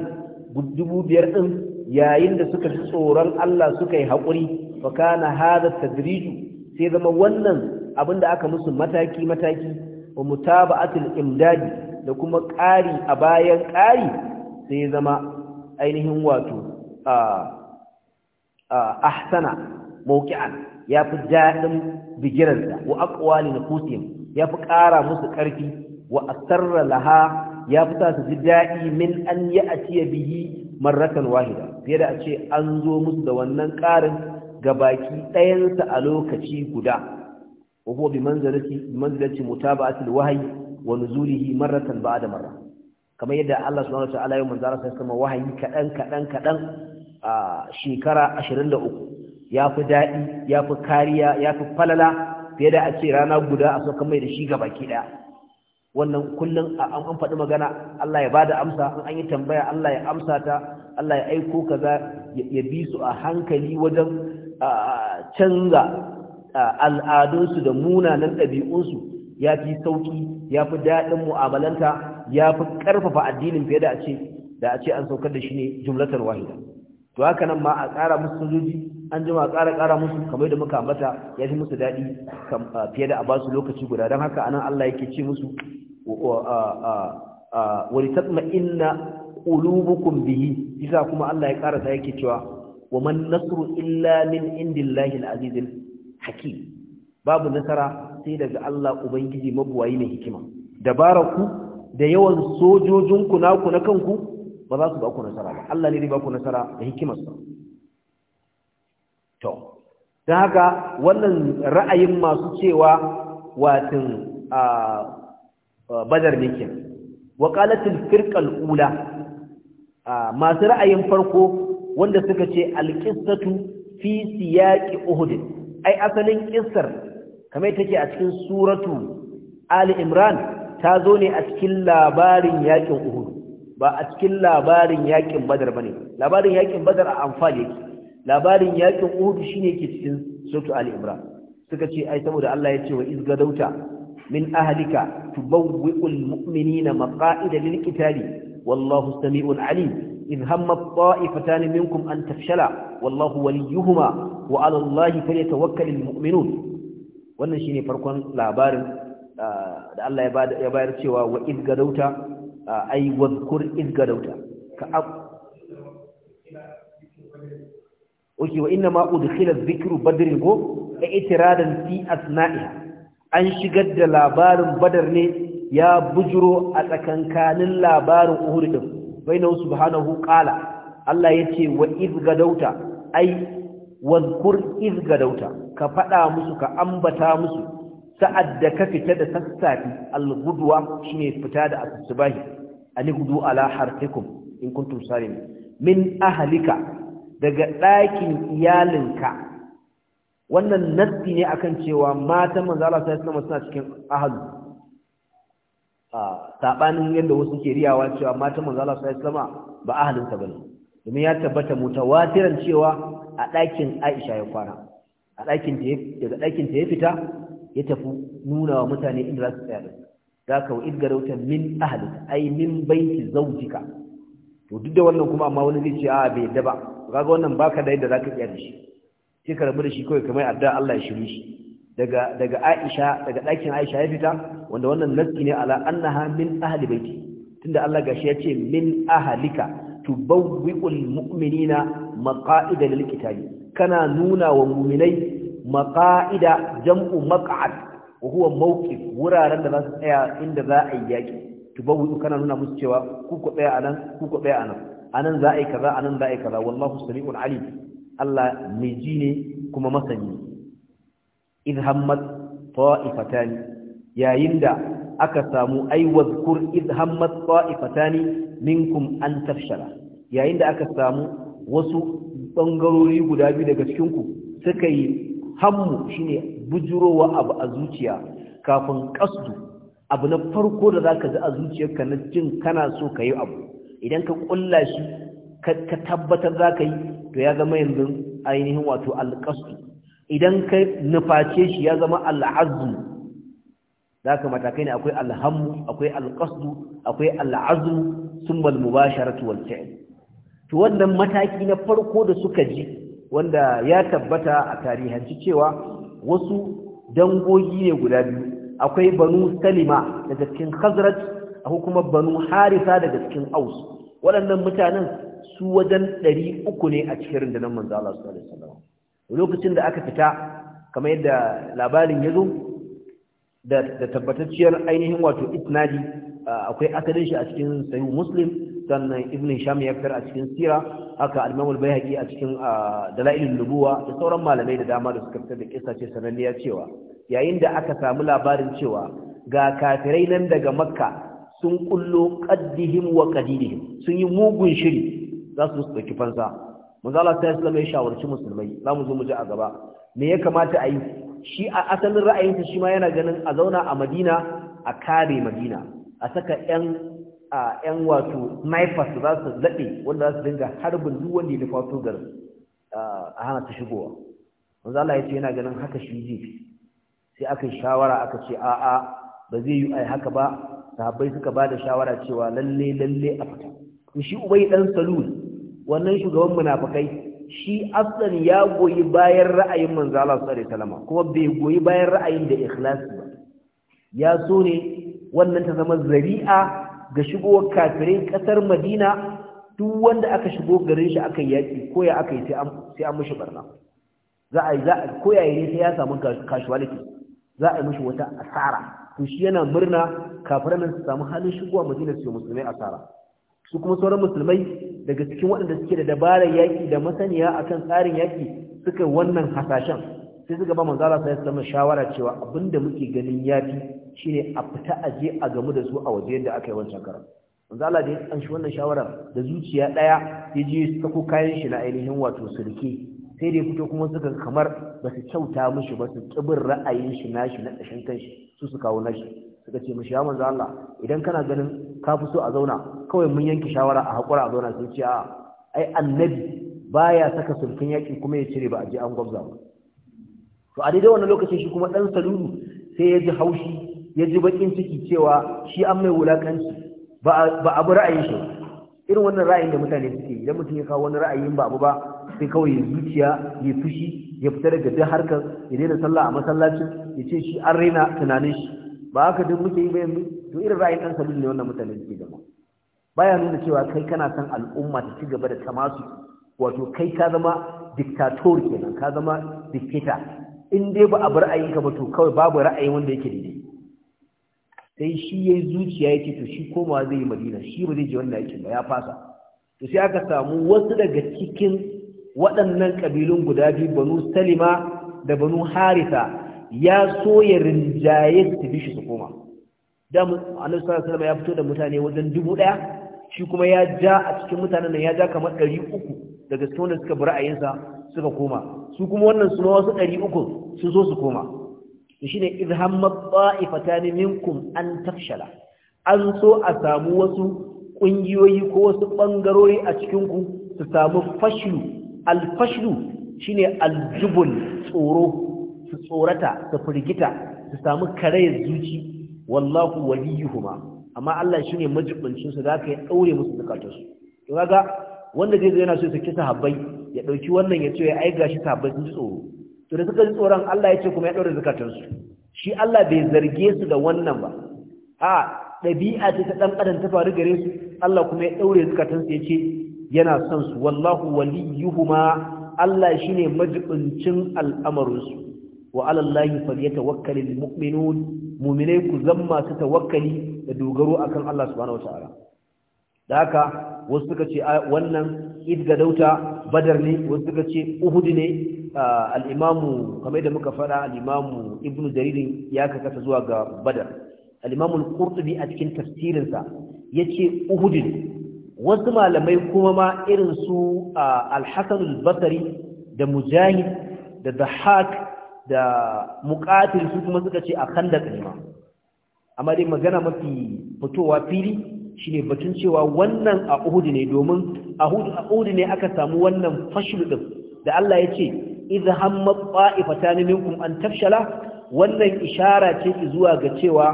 dubu biyar ɗin yayin da suka ji tsoron Allah suka yi haƙuri fa kana hada tadriju sai zama wannan abin da aka musu mataki mataki wa mutaba'atul imdadi da kuma ƙari a bayan ƙari sai zama ainihin wato a ahsana mawqi'an ya fi daɗin bigiransa wa na Kusin ya fi ƙara musu ƙarfi wa asarra laha ya fi sa su ji daɗi min an yi a ciye biyi marratan wahida fiye da a ce an zo musu da wannan ƙarin ga baki ɗayansa a lokaci guda wa huwa bi manzilati mutaba'atil wahyi wa nuzulihi marratan ba'da marra kamar yadda Allah subhanahu wa ta'ala ya manzara sai kuma wahayi kadan kadan kadan a shekara uku. ya fi daɗi ya fi kariya ya fi falala fiye da a ce rana guda a sauka mai da shi ga baki ɗaya wannan kullum an faɗi magana Allah ya ba da amsa an yi tambaya Allah ya amsa ta Allah ya aiko kaza ya bi su a hankali wajen canza al'adunsu da munanan ɗabi'unsu ya fi sauƙi ya fi daɗin mu'amalanta ya fi ƙarfafa addinin fiye da a ce da a ce an saukar da shi ne jumlatar wahida to haka nan ma a ƙara musu sojoji an jima a ƙara ƙara musu kamar da muka ambata ya fi musu daɗi fiye da a ba su lokaci guda don haka anan Allah yake ce musu wani tatma inna bihi isa kuma Allah ya ƙara sa yake cewa wa man nasru illa min indillahi al-azizil hakim babu nasara sai daga Allah ubangiji mabuwayi mai hikima dabara ku da yawan sojojinku naku na kanku ba za su ba ku nasara ba Allah ne zai ba ku nasara da hikimarsa to don haka wannan ra'ayin masu cewa watin badar ne ke waƙalatin ula masu ra'ayin farko wanda suka ce alƙistatu fi siyaƙi uhudin ai asalin ƙistar kamar take a cikin suratu ali imran ta zo ne a cikin labarin yaƙin uhud ba a cikin labarin yakin badar bane labarin yakin badar a amfani yake labarin yakin shi shine ke cikin suratu ali suka ce ai saboda Allah ya ce wa izgadauta min ahlika tubawwi'ul mu'minina maqa'ida lil qitali wallahu sami'un alim إذ هم minkum an أن تفشلا والله وليهما وعلى الله فليتوكل المؤمنون wannan shine farkon labarin ah, da Allah ya bayar cewa wa izgadauta ai wadkur izgarauta ka ab oke wa inna ma udkhila dhikru badr go i'tiradan fi asna'iha an shigar da labarin badar ne ya bujuro a tsakankanin labarin uhud din bainahu subhanahu qala Allah yace wa izgadauta ai wadkur izgadauta ka fada musu ka ambata musu sa'ad da ka fita da sassafi al-gudwa shine fita da asubahi Ani gudu ala harfikum in kuntum salim min ahlika daga ɗakin iyalinka wannan nassi ne akan cewa matan manzo Allah sallallahu suna cikin ahlu a ah, sabanin yadda wasu ke riyawa cewa matan manzo Allah Suna ba ahalinsa ba ne. bane domin ya tabbata mutawatiran cewa a ɗakin Aisha ya kwana a daga ɗakin ta ya fita ya tafi nuna wa mutane inda za su tsaya da za ka wa wuta min ahalika ai min baiti zaujika to duk da wannan kuma amma wani zai ce a bai yadda ba ka ga wannan baka da yadda za ka tsaya da shi sai ka rabu da shi kawai kamar addu'a Allah ya shiru shi daga daga Aisha daga ɗakin Aisha ya fita wanda wannan naski ne ala annaha min ahli baiti tunda Allah gashi ya ce min ahalika tubawwi'ul mu'minina maqa'ida lil kana nuna wa mu'minai maqaida jam'u maq'ad wa huwa mawqif wuraren da za su tsaya inda za a yi yaki tubawu kana nuna musu cewa ku ku tsaya anan ku ku tsaya anan anan za a yi kaza anan za a yi kaza wallahu sami'ul alim Allah ne ji ne kuma masani idh hammat ta'ifatan yayin da aka samu ai wazkur idh hammat ta'ifatan minkum an tafshala yayin da aka samu wasu bangarori guda biyu daga cikin ku suka yi hammu shine bujurowa abu a zuciya kafin ƙasdu abu na farko da zaka ji a zuciyarka na jin kana so ka yi abu idan ka ƙulla shi ka tabbatar zaka yi to ya zama yanzu ainihin wato alqasdu idan ka nuface shi ya zama al'azmu zaka matakai ne akwai alhammu akwai alqasdu akwai al'azmu sun al-mubasharatu wal to wannan mataki na farko da suka ji wanda ya tabbata a tarihanci cewa wasu dangogi ne guda biyu akwai banu salima daga cikin khazraj akwai kuma banu harisa daga cikin aus waɗannan mutanen su wajen ɗari uku ne a cikin rundunar manzo Allah sallallahu alaihi wasallam lokacin da aka fita kamar yadda labarin ya zo da tabbatacciyar ainihin wato isnadi akwai asalin shi a cikin sayu muslim sannan ibn sham ya fitar a cikin sira haka al-imam bayhaqi a cikin dalailin nubuwa da sauran malamai da dama da suka fitar da kissa ce sananniya cewa yayin da aka samu labarin cewa ga kafirai nan daga makka sun kullo qaddihim wa qadidihim sun yi mugun shiri za su su dauki fansa manzo Allah sallallahu shawarci musulmai za mu zo mu ji a gaba me ya kamata a yi shi a asalin ra'ayinsa shi ma yana ganin a zauna a Madina a kare Madina a saka 'yan a yan wato maifas za su laɗe wanda za su dinga harbin duk wanda ya nufa to a hana ta shigowa wanzu Allah ya ce yana ganin haka shi zai fi sai aka yi shawara aka ce a'a ba zai yi ai haka ba sahabbai suka ba da shawara cewa lalle lalle a fita to shi ubai dan salul wannan shugaban munafikai shi aslan ya goyi bayan ra'ayin manzo Allah sallallahu alaihi wasallam kuma bai goyi bayan ra'ayin da ikhlasi ba ya so ne wannan ta zama zari'a ga shigowar kafirai kasar madina duk wanda aka shigo garin shi aka yaƙi ko ya aka yi sai an mishi barna za a yi za ko yi sai ya samu casualty za a yi mishi wata asara to shi yana murna kafiran nan su samu halin shigowa madina su musulmai asara su kuma sauran musulmai daga cikin waɗanda suke da dabarar yaƙi da masaniya akan tsarin yaƙi suka wannan hasashen sai suka ba manzara sai su shawara cewa abinda muke ganin yafi shine a fita a je a gamu da su a waje yadda aka yi wancan karan wanzu Allah da ya tsanshi wannan shawarar da zuciya ɗaya ya je sako kayan shi na ainihin wato sulke sai dai fito kuma suka kamar ba su kyauta mishi ba su kibin ra'ayin shi nashi na ƙashin kanshi su su kawo nashi suka ce mu ya manzo Allah idan kana ganin ka fi so a zauna kawai mun yanke shawara a haƙura a zauna sai ce a ai annabi baya saka sulkin yaki kuma ya cire ba a je an gwabza ba to a daidai wannan lokacin shi kuma ɗan salulu sai ya ji haushi ya ji bakin ciki cewa shi an mai wulakanci ba abu ra'ayin shi irin wannan ra'ayin da mutane suke idan mutum ya kawo wani ra'ayin ba abu ba sai kawai ya zuciya ya fushi ya fita da duk harkar ya daina sallah a masallacin ya ce shi an raina tunanin shi ba haka duk muke yi bayan to irin ra'ayin ɗan sabbin ne wannan mutane suke gama baya nuna cewa kai kana son al'umma ta ci gaba da tamasu wato kai ka zama diktator kenan ka zama diktator in dai ba a bar ka ba to kawai babu ra'ayi wanda yake daidai sai shi ya yi zuciya ya ce to shi koma zai yi madina shi ba zai je wannan aikin ba ya fasa to sai aka samu wasu daga cikin waɗannan ƙabilun guda biyu banu salima da banu harisa ya so ya rinjaye su bi shi su koma da annabi sallallahu alaihi ya fito da mutane wajen dubu ɗaya shi kuma ya ja a cikin mutanen nan ya ja kamar ɗari uku daga cikin wanda suka bi ra'ayinsa suka koma su kuma wannan su ma wasu ɗari uku sun zo su koma to shine idham maba'ifatan minkum an tafshala an so a samu wasu kungiyoyi ko wasu bangarori a cikin ku su samu fashlu al-fashlu shine al-jubul tsoro su tsorata su firgita su samu kare zuci wallahu waliyuhuma amma Allah shine majibincin su zaka ya daure musu zakatunsu to kaga wanda zai zo yana so su kisa habbai ya dauki wannan ya ce ai gashi habbai sun ji tsoro to da suka ji tsoron Allah ya ce kuma ya ɗaure zukatansu shi Allah bai zarge su da wannan ba a ɗabi'a ce ta ɗan ƙadan ta faru gare su Allah kuma ya ɗaure zukatansu ya ce yana son su wallahu waliyuhuma Allah shi ne majibincin al'amarinsu wa alallahi falyatawakkalul mu'minun mu'minai ku zan su tawakkali da dogaro akan Allah subhanahu ta'ala da haka wasu suka ce wannan idgadauta badar ne wasu suka ce uhud ne al'imamu kamar da muka fara al'imamu ibn jaririn ya kakasa zuwa ga badar al'imamu kurtubi a cikin tafsirinsa ya ce uhudin wasu malamai kuma ma irin su alhassan basari da mujahid da dahak da mukatil su kuma suka ce a kan ne amma dai magana mafi fitowa fili shine batun cewa wannan a Uhudu ne domin a Uhudu ne aka samu wannan fashil ɗin da Allah ya ce idh hamma qa'ifatan minkum an tafshala wannan ishara ce zuwa ga cewa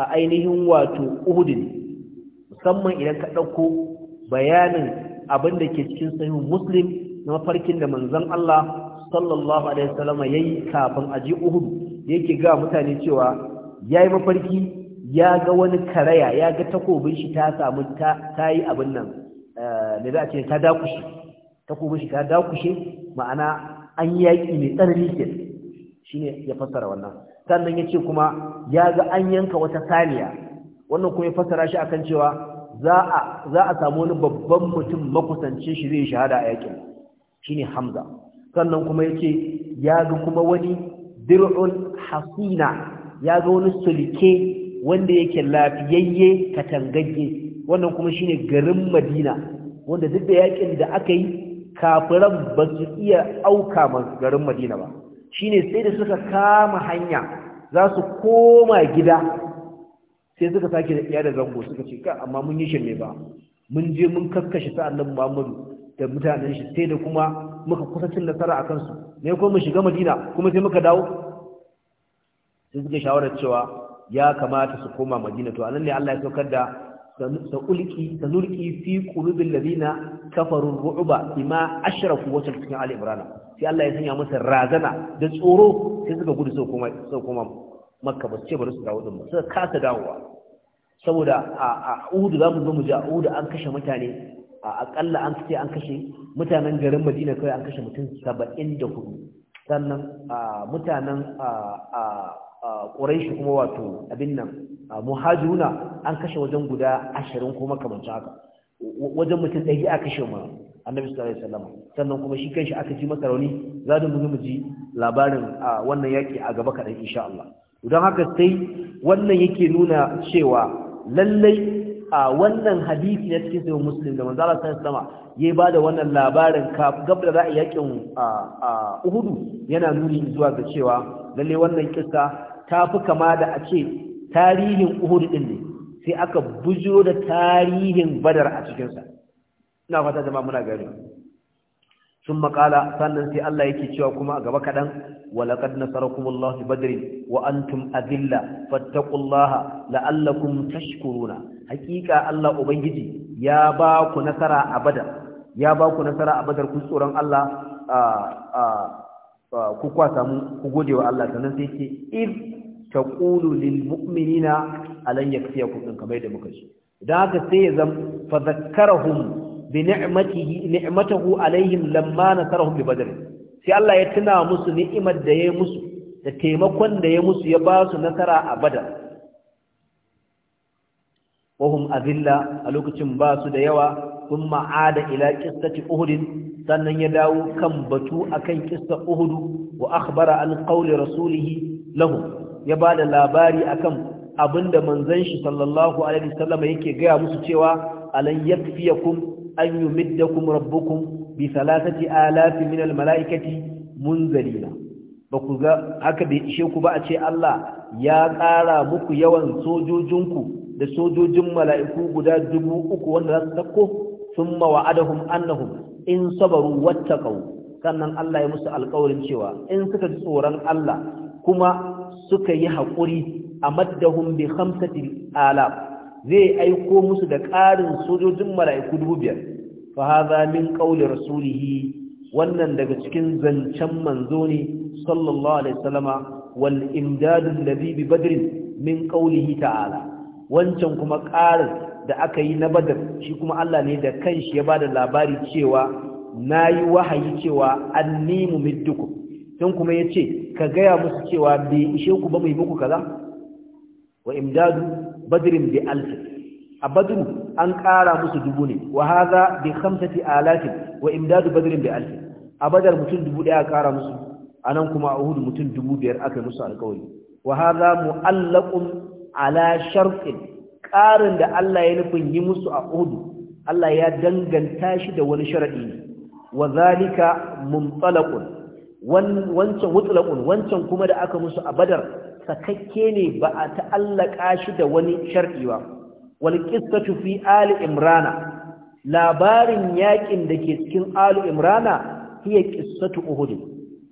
a ainihin wato Uhud musamman idan ka dauko bayanin abin da ke cikin sahihu Muslim na farkin da manzon Allah sallallahu alaihi wasallam yayi kafin aje Uhud yake ga mutane cewa yayi mafarki ya ga wani karaya ya ga takobin shi ta samu ta yi abin nan da eh, za a ce ta dakushe takobin shi ta dakushe ma'ana an yaƙi mai tsanani ke ne ya fassara wannan sannan ya ce kuma ya ga an yanka wata saniya wannan kuma ya fassara shi akan cewa za a samu wani babban mutum makusanci shi zai shahada a yaƙin ne hamza sannan kuma ya ce ya ga kuma wani dir'un hasina ya ga wani sulke wanda yake lafiyayye katangagge wannan kuma shi ne garin madina wanda duk da yakin da aka yi kafiran ba su iya auka garin madina ba shine sai da suka kama hanya za su koma gida sai suka sake da da zango suka ce ka amma mun yi shirme ba mun je mun kakkashe ta annabi muhammadu da mutanen shi sai da kuma muka kusa cin nasara a kansu ne kuma mu shiga madina kuma sai muka dawo sai suka shawarar cewa ya kamata su koma madina to anan ne Allah ya saukar da سألقي سنلقي في قلوب Ladina كفروا الرعب بما أشرفوا وصل cikin Ali Imran sai Allah ya sanya masa razana da tsoro sai suka gudu sau kuma sau kuma Makka ba su ce bari su dawo din ba suka kasa dawowa saboda a Uhud za zo mu ji a Uhud an kashe mutane a akalla an kace an kashe mutanen garin Madina kai an kashe mutum 74 sannan mutanen a Quraish kuma wato abin nan muhajiruna an kashe wajen guda ashirin kuma makamancin haka wajen mutum ɗari a kashe mu annabi sallallahu alaihi sannan kuma shi kanshi aka ji masa rauni za da mu mu ji labarin wannan yaki a gaba kaɗan insha Allah don haka sai wannan yake nuna cewa lallai a wannan hadisi na cikin sahih musulun da manzo Allah sama, ya ba da wannan labarin ka gab da za'a yakin Uhudu, yana nuni zuwa ga cewa lallai wannan kissa ta fi kama da a ce tarihin uhud din ne sai aka bujo da tarihin badar a cikinsa ina fata jama'a muna gari sun makala sannan sai Allah yake cewa kuma a gaba kaɗan laqad nasarakumullahu fi badrin wa antum adilla fattaqullaha la'allakum tashkuruna haƙiƙa Allah ubangiji ya ba ku nasara a badar ya ba ku nasara a badar ku tsoron Allah a a ku kwasa mu ku gode wa Allah sannan sai ke if taqulu lil mu'minina alan yakfiyakum kuɗin kamar da muka ji Idan haka sai ya zam fa zakkarahum bi ni'matihi ni'matahu alaihim lamma nasarahum bi badr sai Allah ya tuna musu ni'imar da yayi musu da taimakon da ya musu ya ba su nasara a badar wahum azilla a lokacin ba su da yawa sun ma'ada ila kistati uhudin sannan ya dawo kan batu akan kista uhudu wa akhbara an qawli rasulihi lahum ya ba da labari akan abinda manzon shi sallallahu alaihi sallama yake gaya musu cewa alan yakfiyakum an yumiddakum rabbukum bi thalathati alafi min almalaikati munzalina ba ku ga haka bai ishe ku ba a ce Allah ya ƙara muku yawan sojojinku da sojojin mala'iku guda dubu uku wanda za su sako sun mawa'adahum annahum in sabaru wattaqau sannan Allah ya musu alƙawarin cewa in suka ji tsoron Allah kuma suka yi haƙuri a maddahun bi hamsati zai aiko musu da ƙarin sojojin mala'iku dubu biyar fa haza min qawli rasulihi wannan daga cikin zancen manzo ne sallallahu alaihi wasallama wal imdadu alladhi bi min qawlihi ta'ala wancan kuma ƙarin da aka yi na badar shi kuma Allah ne da kan shi ya bada labari cewa nayi wahayi cewa annimu middukum don kuma ya ce ka gaya musu cewa bai ishe ku ba mai muku kaza wa imdadu badrin bi alf a badru an kara musu dubu ne wa hadha bi khamsati alafin wa imdadu badrin bi alf a badar mutum dubu ɗaya kara musu anan kuma a uhud mutum dubu biyar aka musu alƙawari wa hadha mu'allaqun ala sharqin Karin da Allah ya nufin yi musu a uhud Allah ya danganta shi da wani sharadi ne wa zalika muntalaqun wancan mutlaqun wancan kuma da aka musu a badar sakakke ne ba a ta'allaka shi da wani shar'i ba wal qissatu fi ali imrana labarin yakin da ke cikin ali imrana hiya qissatu uhud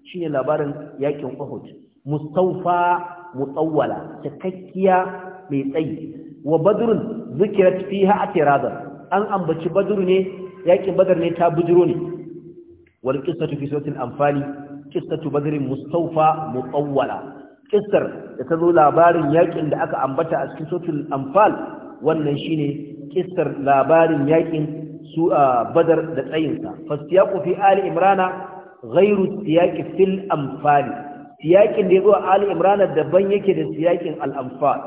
shine labarin yakin uhud mustawfa mutawwala sakakkiya mai tsayi wa badrun zikirat fiha atiradan an ambaci Baduru ne yakin badar ne ta bujiro ne wal qissatu fi suratil anfali qissatu badr mustawfa mutawwala qissar da ta zo labarin yakin da aka ambata a cikin suratul amfal wannan shine qissar labarin yakin su badar da tsayinsa fasiyaqu fi ali imrana ghayru siyaqi fil anfal siyakin da yazo a ali imrana daban yake da siyakin al anfal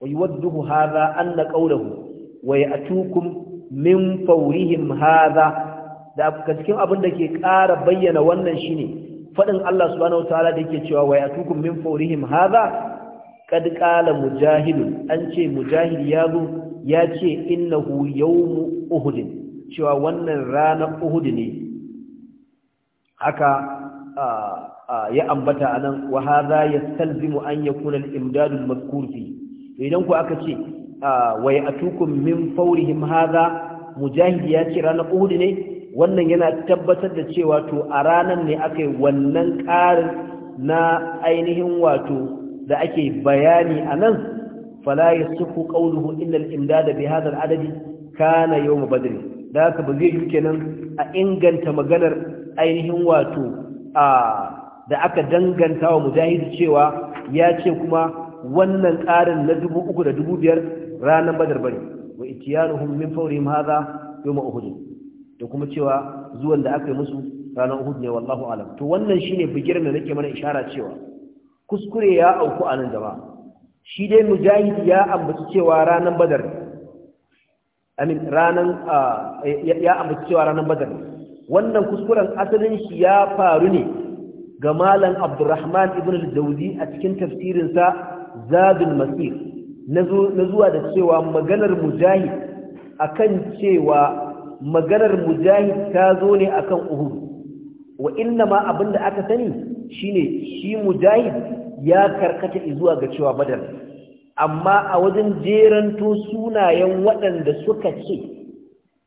wa yuwaddu hadha anna qawluhu wa ya'tukum min fawrihim hadha da cikin abin da ke ƙara bayyana wannan shine fadin Allah subhanahu wataala da yake cewa waya tukun min fawrihim haza? kad qala mujahid an ce mujahid ya zo ya ce innahu yawm uhud cewa wannan ranar uhud ne haka ya ambata anan wa hadha yastalzimu an yakuna al-imdad al fi idan ku aka ce waya tukun min fawrihim haza! mujahid ya ce ranar uhud ne wannan yana tabbatar da cewa to a ranar ne aka yi wannan ƙarin na ainihin wato da ake bayani a nan fala ya suku ƙaunuhu innal imdada da hadal adadi kana yau mabadari da haka ba zai yi nan? a inganta maganar ainihin wato a da aka danganta wa mujahidi cewa ya ce kuma wannan ƙarin na dubu uku da dubu biyar ranar badar bane wa itiyanuhum min fawrihim hadha yawm uhud da kuma cewa zuwan da aka yi musu ranar Uhud ne wallahu alam to wannan shine bigiran da nake mana ishara cewa kuskure ya auku a nan jama'a shi dai mujahid ya ambaci cewa ranar badar amin ranan ya ambaci cewa badar wannan kuskuren asalin shi ya faru ne ga malam Abdurrahman ibn al a cikin tafsirin sa Zadul Masir na zuwa da cewa maganar mujahid akan cewa maganar mujahid ta zo ne a kan uhud wa inna ma da aka sani shine shi mujahid ya karkata zuwa ga cewa badar amma a wajen jeranto sunayen waɗanda suka ce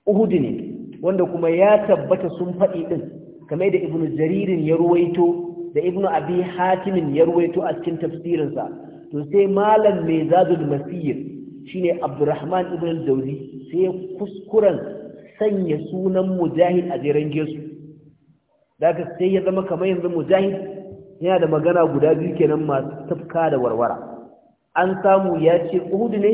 uhud ne wanda kuma ya tabbata sun faɗi ɗin kamar da ibnu jaririn ya ruwaito da ibnu abi hatimin ya ruwaito a cikin tafsirinsa to sai malam mai zadul masir shine abdurrahman ibn al-dawzi sai kuskuren sanya sunan mujahid a jeren gesu daga sai ya zama kamar yanzu mujahid yana da magana guda biyu kenan masu tafka da warwara an samu ya ce uhud ne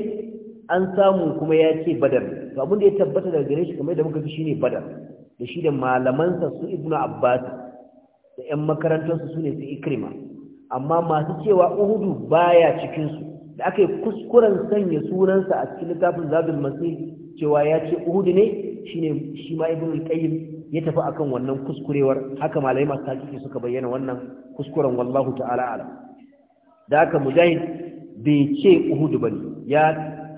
an samu kuma ya ce badar to abin da ya tabbata daga gare shi kamar yadda muka fi shine badar da shi da malamansa su ibnu abbas da ƴan makarantarsu su ne su ikrima amma masu cewa uhudu baya cikinsu da aka yi kuskuren sanya sunansa a cikin littafin zabin masu cewa ya ce uhudu ne shine shi ma ibn al ya tafi akan wannan kuskurewar haka malai masu hakiki suka bayyana wannan kuskuren wallahu ta'ala alam da aka mujahid bai ce ba ne. ya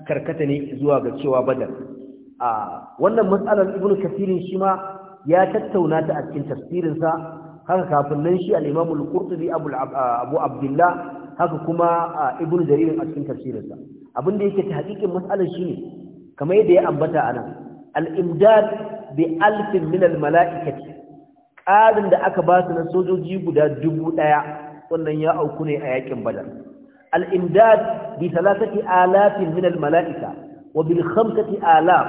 karkata ne zuwa ga cewa badar a wannan matsalar ibn kafirin shi ma ya tattauna ta a cikin tafsirinsa haka kafin nan shi alimamul imam al abu abdullah haka kuma ibn Jaririn a cikin tafsirinsa abin da yake ta hakikin matsalar shine kamar yadda ya ambata anan al'imdad bi alfin minal mala'ikati ƙarin da aka ba su na sojoji guda dubu ɗaya wannan ya auku ne a yakin badar al'imdad bi talatati alafin minal mala'ika wa bil khamsati alaf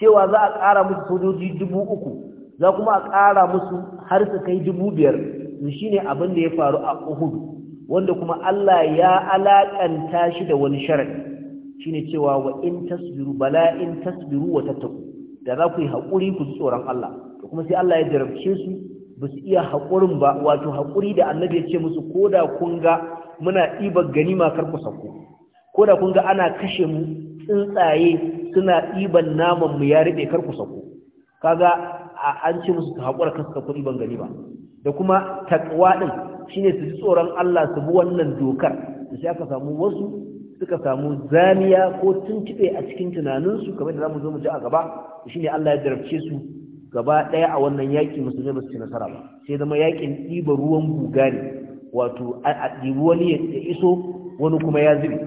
cewa za a ƙara musu sojoji dubu uku za kuma a ƙara musu har su kai dubu biyar shi ne abin da ya faru a uhudu wanda kuma Allah ya alaƙanta shi da wani sharadi shine cewa wa in tasbiru bala in tasbiru wa tattaku da za ku yi haƙuri ku ji tsoron Allah to kuma sai Allah ya jarabce su ba su iya haƙurin ba wato haƙuri da annabi ya ce musu koda da kun ga muna ɗibar ganima kar ku sauko ko kun ga ana kashe mu tsuntsaye suna ɗiban naman mu ya riɓe kar ku sauko kaga an ce musu haƙura kan suka kuɗi ban gani ba da kuma takwa ɗin shine su ji tsoron Allah su bi wannan dokar sai aka samu wasu suka samu zaniya ko tuntube a cikin tunaninsu kamar da za mu zo mu ji a gaba ne Allah ya darabce su gaba ɗaya a wannan yaƙi musulmi ba su ci nasara ba sai zama yaƙin ɗiba ruwan guga ne wato a ɗibi wani ya iso wani kuma ya zube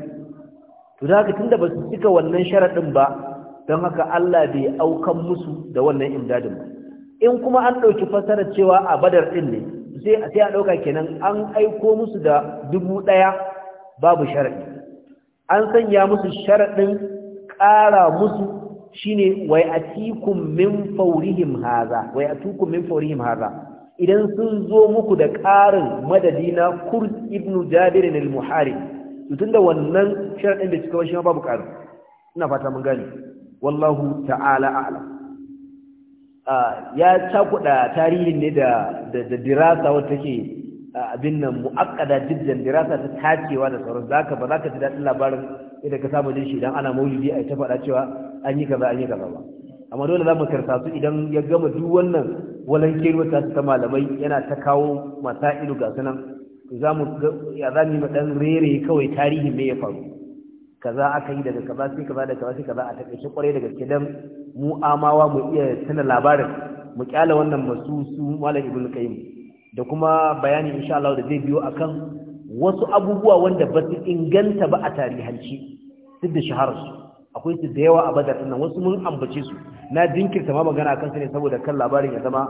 to da haka tunda ba su cika wannan sharaɗin ba don haka Allah bai aukan musu da wannan imdadin ba in kuma an ɗauki fasarar cewa a badar ɗin ne sai a ɗauka kenan an aiko musu da dubu ɗaya babu sharaɗi an sanya musu sharaɗin ƙara musu shine wai atikum min faurihim haza wai min faurihim haza idan sun zo muku da ƙarin madadina na kurs ibn jabir al muhari tun da wannan sharaɗin da cika shi ma babu ƙarin ina fata mun gani, wallahu ta'ala a'lam ah, ya cakuɗa tarihin ne da da dirasa wata take abin nan mu'akkada jiddan dirasa ta tacewa da sauran zaka ba zaka ji daɗin labarin idan ka samu jin shi idan ana maulidi a ta faɗa cewa an yi kaza an yi kaza ba amma dole za mu karsa su idan ya gama duk wannan walanke wata ta malamai yana ta kawo masailu ga sunan za mu ya za mu yi dan rere kawai tarihi me ya faru kaza aka yi daga kaza sai kaza da kaza sai kaza a takaice kwarai daga gaske dan mu amawa mu iya tana labarin mu kyala wannan masu su malam ibnu qayyim da kuma bayani insha Allah da zai biyo akan wasu abubuwa wanda ba su inganta ba a tarihanci duk da shahararsu akwai su da yawa a badar nan wasu mun ambace su na jinkirta ma magana akan su ne saboda kan labarin ya zama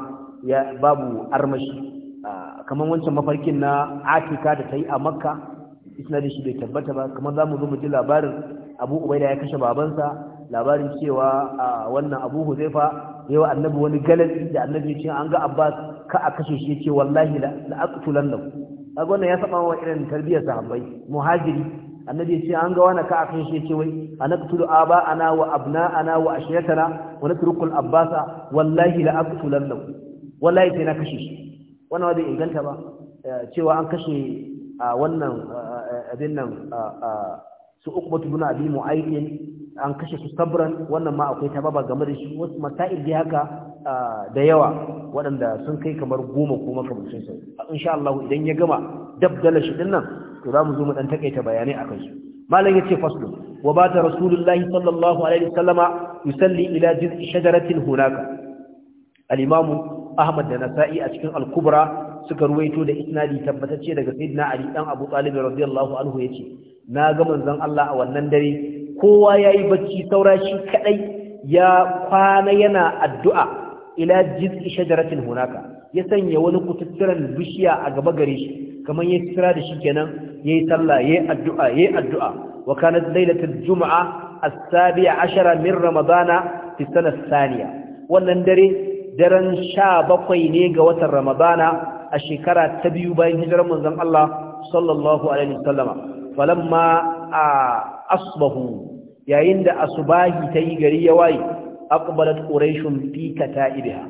ya babu armashi kamar wancan mafarkin na Atika da ta yi a Makka isnadin shi bai tabbata ba kamar zamu zo mu ji labarin Abu Ubaida ya kashe babansa labarin cewa a wannan abu huzaifa yawa annabi wani galabi da annabi ce an ga abbas ka a kashe shi ce wallahi la aqtulan lahu kaga wannan ya saba wa irin tarbiyyar sahabbai muhajiri annabi ce an ga wani ka a kashe shi ce wai anaqtulu aba ana wa abna ana wa ashiyatana wa natruku al abbasa wallahi la aqtulan lahu wallahi sai na kashe shi wannan bai inganta ba cewa an kashe wannan abin nan su uqbatu bin abi mu'ayyid an kashe su sabran wannan ma akwai ta baba game da shi wasu masail haka da yawa waɗanda sun kai kamar goma ko makamancin su insha Allah idan ya gama dabdala shi dinnan to za mu zo mu dan takaita bayanai akan shi. malam yace faslu wa bata rasulullahi sallallahu alaihi wasallama yusalli ila jiz'i shajaratin hunaka al-imamu Ahmad da Nasa'i a cikin Al-Kubra suka ruwaito da isnadi tabbatacce daga Sayyidina Ali dan Abu Talib radiyallahu anhu yace na ga manzon Allah a wannan dare kowa ya yi bacci saura shi kaɗai ya kwana yana addu'a ila da shajaratin hunaka ya sanya wani kututturan bishiya a gaba gare shi kamar ya tsira da shi kenan ya yi sallah ya yi addu'a ya yi addu'a wa kanar lailatul juma'a a sabiya ashara min ramadana fi sanar saniya wannan dare daren sha bakwai ne ga watan ramadana a shekara ta biyu bayan hijirar manzon Allah sallallahu alaihi wasallama falamma a ah, asbahu yayin da asubahi ta yi gari ya waye aqbalat quraishun fi kata'ibiha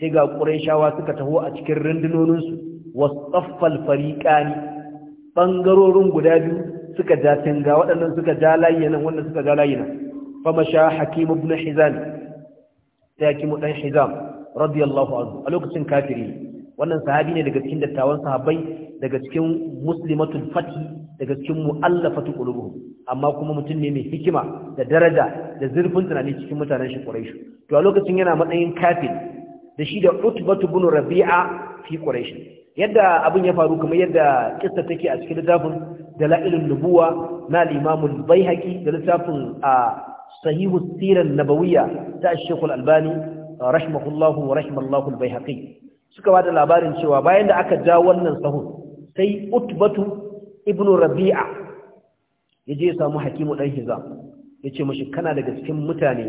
sai ga quraishawa suka taho a cikin rundunonin su wasaffal fariqani bangarorin guda biyu suka ja tanga waɗannan suka ja nan wannan suka ja layyana famasha hakim ibn hizam sai dan hizam radiyallahu anhu a lokacin kafiri wannan sahabi ne daga cikin dattawan sahabbai daga cikin muslimatul fathi daga cikin mu'allafatu qulubuhum amma kuma mutum ne mai hikima da daraja da zurfin tunani cikin mutanen shi quraishu to a lokacin yana matsayin kafin da shi da utbatu bin rabi'a fi quraish yadda abin ya faru kamar yadda kissa take a cikin littafin dalailun nubuwa na limamul baihaqi da littafin a sahihu sirar nabawiyya ta shekul albani rahimahullahu wa rahimallahu albayhaqi suka bada labarin cewa bayan da aka ja wannan sahun sai utbatu ibnu rabi'a ya je ya samu hakimu ɗan hizam ya ce mashi kana daga cikin mutane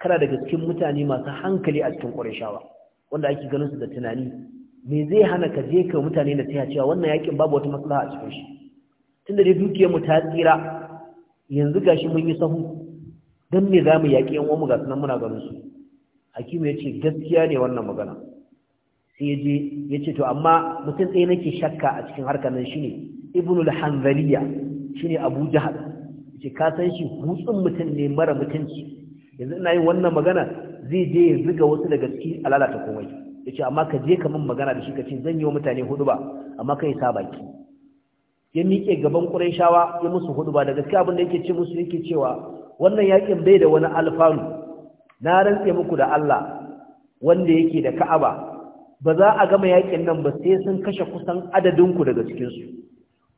kana daga cikin mutane masu hankali a cikin ƙurashawa wanda ake ganin su da tunani me zai hana ka je ka mutane da ta cewa wannan yakin babu wata maslaha a cikin shi tunda dai dukiyar mu ta tsira yanzu gashi mun yi sahu dan me zamu yaki yan uwanmu ga sunan muna ganin su hakimu ce gaskiya ne wannan magana sai ya ce to amma mutum ɗaya nake shakka a cikin harkar nan shine ibnul al shine abu jahal yace ka san shi hutsun mutum ne mara mutunci yanzu ina yi wannan magana zai je ya zuga wasu daga ciki a ta komai yace amma ka je ka min magana da shi ka ce zan yi wa mutane hudu ba amma kai sa baki ya miƙe gaban quraishawa ya musu hudu ba da gaskiya abin da yake ce musu yake cewa wannan yakin bai da wani alfanu na rantse muku da Allah wanda yake da Ka'aba ba za a gama yakin nan ba sai sun kashe kusan adadin ku daga cikin su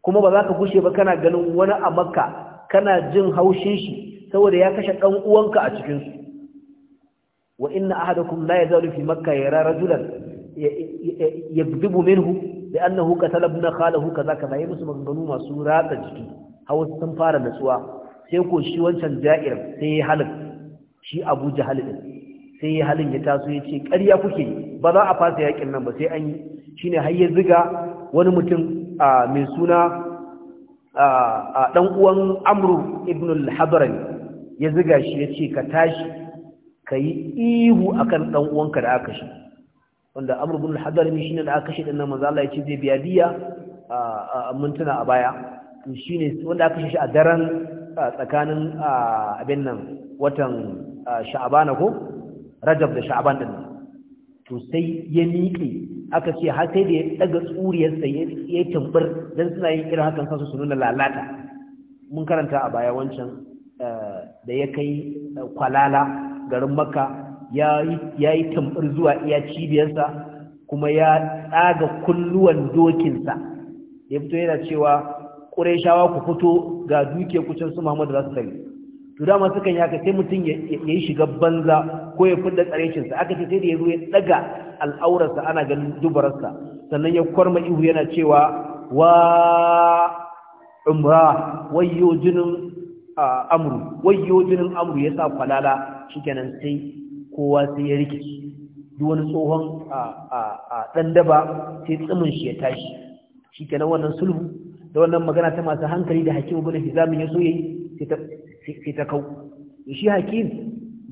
kuma ba za ka gushe ba kana ganin wani a makka kana jin haushin shi saboda ya kashe ɗan uwanka a cikinsu wa inna ahadakum la yazalu fi makka yara rajulan yabdubu minhu da annahu qatala ibn khalahu kaza kaza yayi musu maganganu masu ratsa jiki hawa sun fara natsuwa sai ko shi wancan ja'ir sai ya halin shi Abu Jahal din sai ya halin ya taso ya ce ƙarya kuke ba za a fasa yakin nan ba sai an yi shine har ya ziga wani mutum mai suna ɗan uwan amru ibn al ya ziga shi ya ce ka tashi ka yi ihu akan ɗan ɗan'uwanka da aka shi wanda amru ibn al shi ne da aka shi ɗan nan maza Allah ya ce zai biya biya a mintuna a baya to ne wanda aka shi a daren tsakanin abin nan watan sha'abana ko rajab da sha'aban din to sai ya miƙe aka ce har sai da ya daga tsuriyarsa ya tambar don suna yin irin hakan sasu su nuna lalata mun karanta a baya wancan eh, da ya kai eh, kwalala garin makka ya yi tambar zuwa iya cibiyarsa kuma ya tsaga kulluwan dokinsa ya fito yana cewa ƙurai shawa ku fito ga duke kucin su muhammadu za to dama sukan yi haka sai mutum ya yi shiga banza ko ya fudda tsarecinsa aka ce sai da ya zo ya daga al'aurarsa ana ganin dubararsa sannan ya kwarma ihu yana cewa wa umra wayyo jinin amru wayyo jinin amru ya sa kwalala, shikenan sai kowa sai ya rikici duk wani tsohon dan daba sai tsimin shi ya tashi shikenan wannan sulhu da wannan magana ta masu hankali da hakimu bin hizamin ya so yayi sai ta kau shi hakim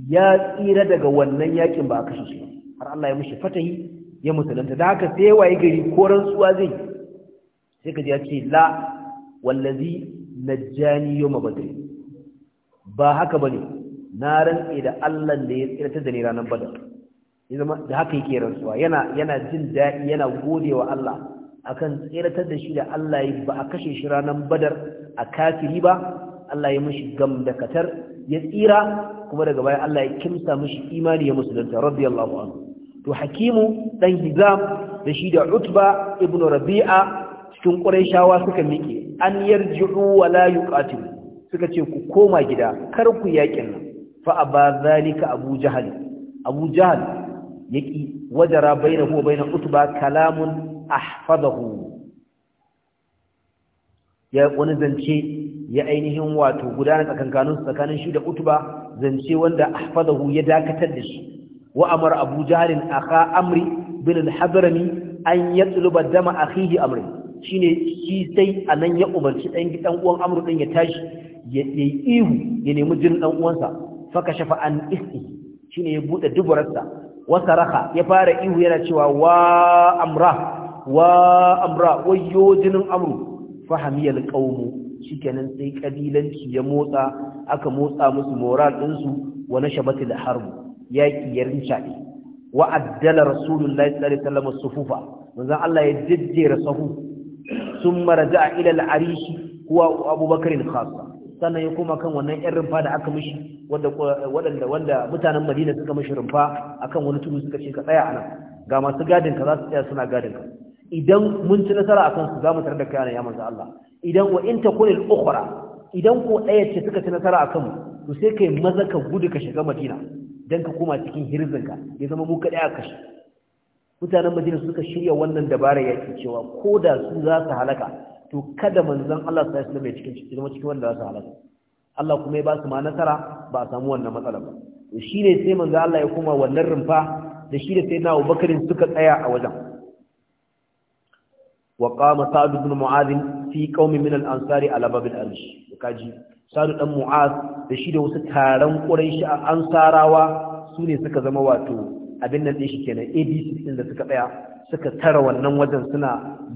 ya tsira daga wannan yakin ba a kashe shi har Allah ya mushi fatahi ya musulunta da haka sai waye gari ko rantsuwa zai sai ka ji ya ce la wallazi najjani yawma badr ba haka bane na rantsi da Allah da ya tsira da ni ranar badar ya zama da haka yake rantsuwa yana yana jin daɗi yana godewa Allah akan tsiratar da shi da Allah ya ba a kashe shi ranar badar a kafiri ba Allah ya mushi gam da katar ya tsira kuma daga baya Allah ya kimsa mishi imani ya musulunta radiyallahu anhu to hakimu dan hizam da shi da utba ibn rabi'a cikin qurayshawa suka miƙe an yarji'u wa la yuqatilu suka ce ku koma gida kar ku yakin nan fa aba zalika abu jahal abu jahal yaki wajara bainahu wa bain utba kalamun ahfadahu ya wani zance ya ainihin wato gudanar tsakankanin tsakanin shi da utuba zance wanda ahfadahu ya dakatar da shi wa amara abu aka amri bin al-hadrami an yatluba dama akhihi amri shine shi sai anan ya umarci dan gidan uwan amru din ya tashi ya yi ihu ya nemi jinin dan uwansa fa kashafa an isti shine ya bude duburarsa wa saraka ya fara ihu yana cewa wa amra wa amra wayyo jinin amru fahamiyal qawmu shikenan sai kabilanci ya motsa aka motsa musu moral ɗinsu wa da harb yaki ya rincaɗe wa addala rasulullahi sallallahu alaihi wasallam sufufa manzon Allah ya jajjera sahu sun maraja ila al-arishi huwa abubakar khassa sannan ya koma kan wannan yan rumfa da aka mishi wanda wanda wanda mutanen Madina suka mishi rumfa akan wani tudu suka ce ka tsaya anan ga masu gadin ka za su tsaya suna gadin ka idan mun ci nasara a kansu za mu tare da kayan ya manzo Allah idan wa in al ukhra idan ko ɗaya ce suka ci nasara a kanmu to sai kai maza ka gudu ka shiga Madina dan ka koma cikin ka ya zama mu kaɗai a kashi mutanen Madina suka shirya wannan dabara yaki cewa ko da su za su halaka to kada manzon Allah sallallahu alaihi wasallam ya cikin cikin wanda za su halaka Allah kuma ya ba su ma nasara ba a samu wannan matsala ba to shine sai manzo Allah ya koma wannan rumfa da shi da sai na Abubakar suka tsaya a wajen وقام سعد بن معاذ في قوم من الأنصار على باب الأرش وكاجي سعد بن معاذ بشيده وستارن قريش أنصاراوا sune suka zama wato abin nan din shi kenan ABC din da suka tsaya suka tara wannan wajen suna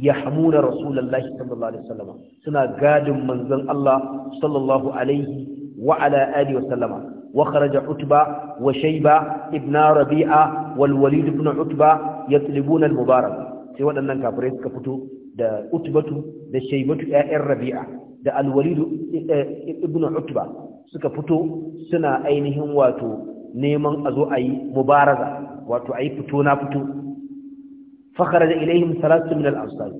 yahmuna rasulullahi sallallahu alaihi wasallama suna gadin manzon Allah sallallahu alaihi wa ala alihi wasallama wa kharaja utba wa shayba ibn rabi'a wal walid ibn utba yatlibuna al mubarak sai waɗannan kafirai suka fito da utbatu da shaibatu yayan rabi'a da alwalidu eh, ibn utba suka fito suna ainihin wato neman a zo a yi mubaraza wato a yi fito na fito Fakar da ilayhim salatu min al sai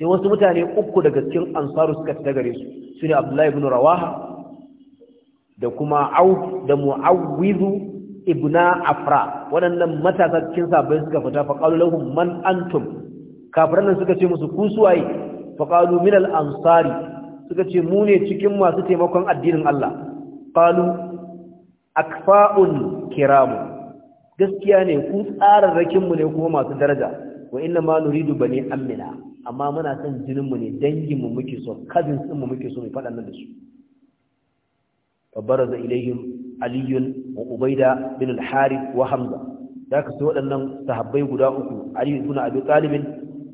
wasu mutane uku daga cikin ansaru suka fita gare su sune abdullahi ibn rawaha da kuma au da mu'awwizu ibna afra waɗannan matasa cikin sabai suka fita faƙalu lahum man antum kafiran suka ce musu ku suwaye faƙalu min al-ansari suka ce mu ne cikin masu taimakon addinin Allah qalu akfa'un kiramu. gaskiya ne ku tsararrakin mu ne kuma masu daraja wa inna ma nuridu bani amina amma muna son jinin mu ne dangin mu muke so cousins mu muke so mu faɗa nan da su فبرز إليهم علي وأبيدة بن الحارث وحمزة ذاك سوى أن صحابي قداؤك علي بن أبي طالب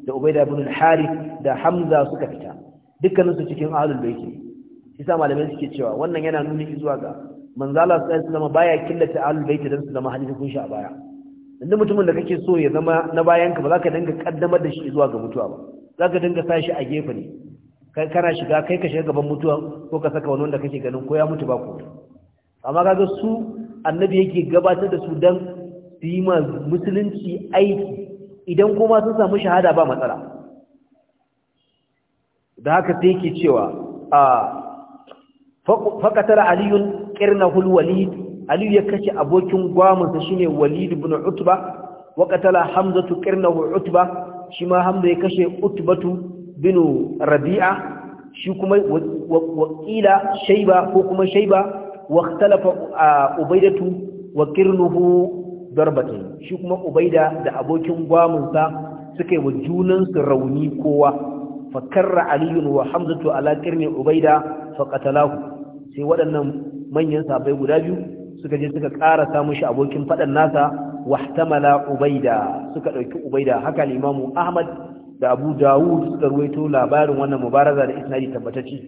da Ubaida ibn al-Harith da Hamza suka fita dukkanin cikin ahlul bait isa malamai suke cewa wannan yana nunin zuwa ga manzala sallallahu alaihi wasallam baya killata ahlul bait dan su zama hadisi kun sha baya inda mutumin da kake so ya zama na bayanka ba za ka dinga kaddamar da shi zuwa ga mutuwa ba za ka dinga sa shi a gefe kai kana shiga kai ka shiga gaban mutuwa ko ka saka wani wanda kake ganin ko ya mutu ba ko amma kaga su annabi yake gabatar da su dan su yi ma musulunci aiki idan kuma sun samu shahada ba matsala da haka sai yake cewa a faqatar aliyun qirnahul walid aliyu ya kashe abokin gwamansa shine walid ibn utba wa qatala hamzatu qirnahu utba shi ma hamza ya kashe utbatu binu rabi'a shi kuma wakila shaiba ko kuma shaiba Ubaidatu عبيدة وقرنه ضربتين shi kuma ubaida da abokin gwamunsa suka yi wa junansu rauni kowa fakarra aliyun wa hamzatu ala kirni ubaida fa sai waɗannan manyan sabai guda biyu suka je suka ƙara samun shi abokin faɗan nasa wahtamala ubaida suka ɗauki ubaida haka limamu ahmad da abu dawud suka ruwaito labarin wannan mubaraza da isnadi tabbatacce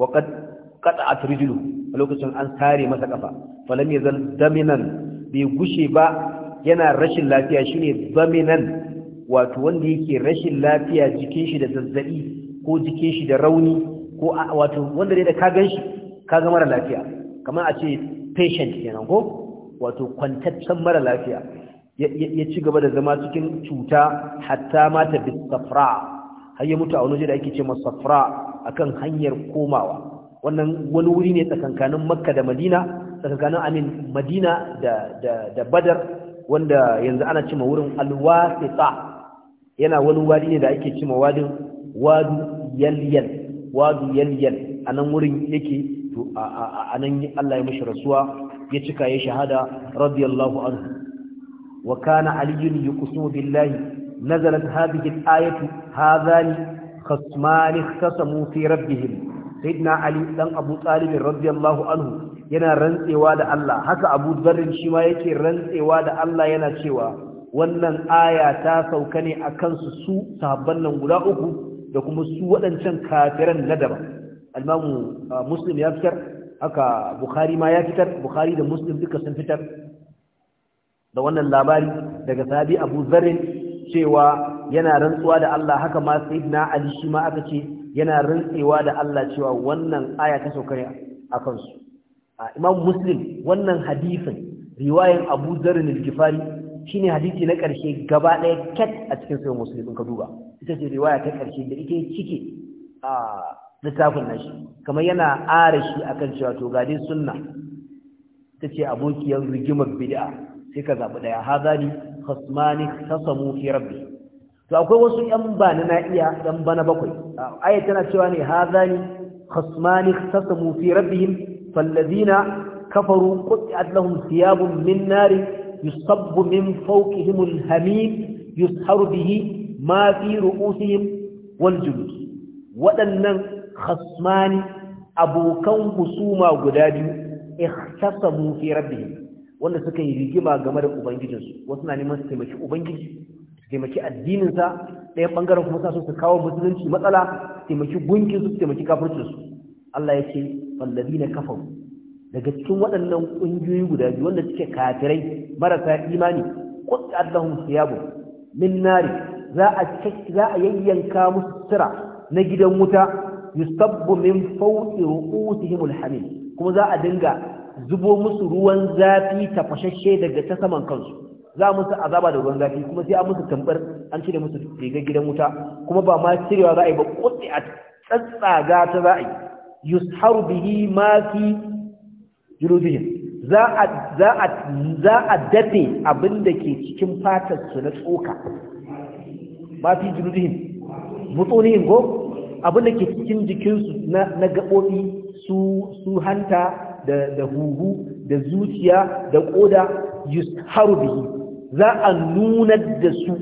wa kad kada rijlu a lokacin an sare masa kafa falam yazal daminan bai gushe ba yana rashin lafiya shine daminan wato wanda yake rashin lafiya jikin shi da zazzabi ko jikin shi da rauni ko wato wanda dai da ka ganshi ka ga mara lafiya kamar a ce patient kenan ko wato kwantaccen mara lafiya ya ci gaba da zama cikin cuta hatta mata bi safra har ya mutu a wani da ake ce masa safra akan hanyar komawa wannan wani wuri ne tsakankanin makka da madina tsakankanin amin madina da badar wanda yanzu ana cima wurin alwasita yana wani wadi ne da ake cima wadin wadu yalyal wadu yalyal nan wurin yake a nan Allah ya mishi rasuwa ya cika ya shahada radiyallahu anhu وكان علي يقسم بالله نزلت هذه الآية هذان خصمان اختصموا في ربهم سيدنا علي دان أبو طالب رضي الله عنه yana rantsewa da Allah haka Abu Dharr shi ma yake rantsewa da Allah yana cewa wannan aya ta sauka ne akan su su sahabban nan guda uku da kuma su waɗancan kafiran na daba al-Imam Muslim ya fitar haka Bukhari ma ya fitar Bukhari da Muslim duka sun fitar da wannan labari daga sabi Abu zarin cewa yana rantsuwa da Allah haka ma Sayyidina Ali shi ma aka ce yana rantsewa da Allah cewa wannan aya ta sauka ne a kansu Imam Muslim wannan hadisin riwayan Abu Zarrin al-Ghifari shine hadisi na ƙarshe gaba ɗaya kat a cikin sahih Muslim in ka duba ita ce riwaya ta ƙarshe da ita cike a littafin nashi kamar yana ara shi akan cewa to ga sunna tace abokiyar rigimar bid'a sai ka zaɓi ɗaya hazani khasmani tasamu fi rabbi to akwai wasu yan bana na iya yan bana bakwai aya tana cewa ne hazani khasmani tasamu fi rabbihim fallazina kafaru qut'at lahum thiyabun min yusabbu min fawqihim alhamim yusharu bihi ma fi ru'usihim wal julud waɗannan khasmani abokan husuma guda biyu ikhtasamu fi rabbihim wanda suka yi rigima game da ubangijinsu wasu na neman su taimaki ubangiji su taimaki addininsa ɗaya ɓangaren kuma sa su kawo musulunci matsala su taimaki gunkinsu su taimaki kafircinsu Allah ya ce fallabi na kafa daga cikin waɗannan ƙungiyoyi guda biyu wanda suke kafirai marasa imani kuɗi allahun siyabu min nari za a yayyanka musu sira na gidan wuta yusabbu min fawqi ru'usihim alhamim kuma za a dinga zubo musu ruwan zafi tafashashe daga ta saman kansu za a musu azaba da ruwan zafi kuma sai an musu tambar an cire musu riga gidan wuta kuma ba ma cirewa za a yi ba kutse a tsatsaga ta za a yi yusharu bihi ma fi jurubihim za a za a za a dafe abin da ke cikin fatar su na tsoka ma fi jurubihim mutunihim ko abin da ke cikin jikinsu na na gabobi su su hanta da huhu da zuciya da koda yusharu bihi za a nuna da su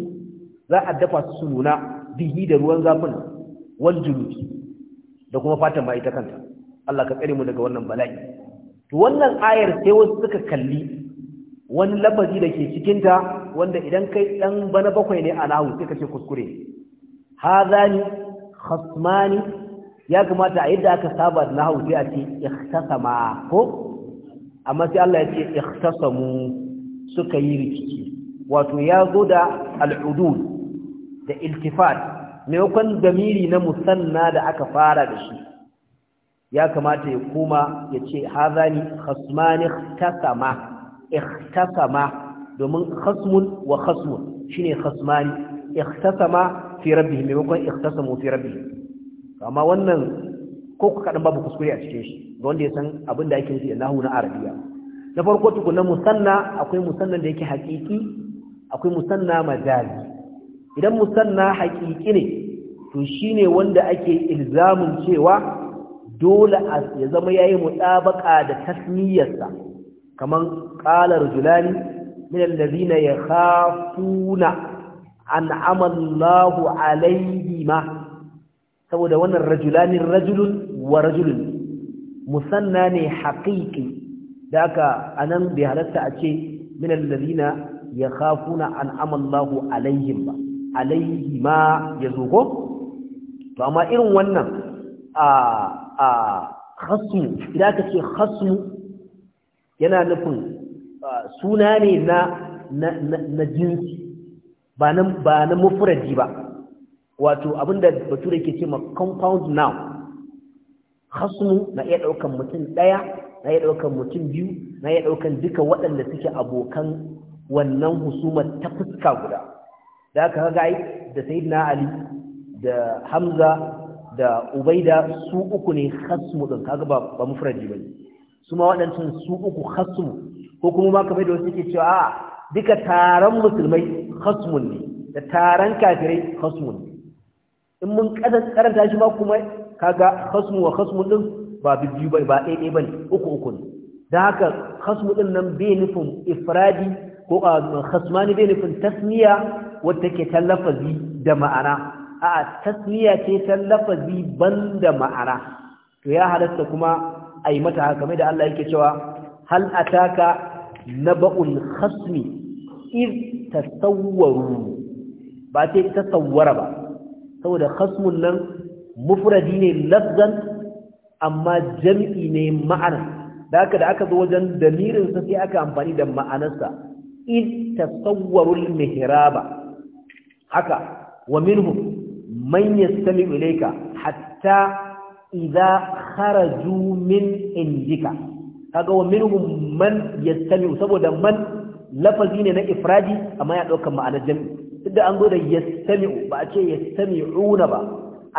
za a dafa su nuna bihi da ruwan zafin wal juluti da kuma fatan ba ita kanta Allah ka tsare mu daga wannan bala'i to wannan ayar sai wasu suka kalli wani lafazi da ke cikinta wanda idan kai dan bana bakwai ne a nahu sai ka ce kuskure hadani khasmani ya kamata a yadda aka saba da nahawu sai a ce ikhtasama ko amma sai Allah ya ce ikhtasamu suka yi rikici wato ya zo da al'udud da iltifat maimakon damiri na musanna da aka fara da shi ya kamata ya koma ya ce hazani khasmani ikhtasama ikhtasama domin khasmun wa khasmun shine khasmani ikhtasama fi rabbihim maimakon ikhtasamu fi rabbihim amma wannan ko ku kaɗan babu kuskure a cikin shi ga wanda ya san abin da ake nufi da nahu na arabiya na farko tukunan musanna akwai musanna da yake haƙiƙi akwai musanna majazi idan musanna haƙiƙi ne to shine wanda ake ilzamin cewa dole a ya zama yayi mutabaka da tasmiyarsa kaman qala rajulani min alladhina yakhafuna an'ama Allahu alayhima saboda wannan rajulani rajulun wa rajulun musanna ne haqiqi da aka anan bai halatta a ce min alladhina yakhafuna an amallahu alaihim ba alaihi ma yazo ko to amma irin wannan a a khasmu idan ka ce khasmu yana nufin suna ne na na jinsi ba na ba na mufradi ba wato abinda bature ke ce ma compound noun hasmu na iya daukan mutum daya na iya daukan mutum biyu na iya daukan duka waɗanda suke abokan wannan husumar ta fuska guda da aka kaga ai da sayyidina ali da hamza da ubaida su uku ne hasmu din kaga ba ba mufradi bane su ma waɗancan su uku hasmu ko kuma ma kamar da wasu ke cewa a duka taron musulmai hasmun ne da taron kafirai hasmun ne in mun karanta shi ma kuma kaga khasmu wa khasmu din ba biyu ba ba ɗaya ba uku uku ne da haka khasmu din nan bai nufin ifradi ko ah, khasmani bai nufin tasmiya wadda ke ta da ma'ana a tasmiya ce ta lafazi ban da ma'ana to ya halatta kuma a yi mata haka mai da Allah yake cewa hal ataka naba'ul khasmi iz tasawwaru ba sai tasawwara ba saboda khasmun nan mufradi ne lafzan amma jam'i ne ma'ana da aka da aka zo wajen damirin sa sai aka amfani da ma'anarsa in tasawwarul mihraba haka wa minhum man yastami ilayka hatta idza kharaju min indika kaga wa minhum man yastami saboda man lafazi ne na ifradi amma ya dauka ma'anar jam'i da an zo da yastami'u ba a ce yastami'una ba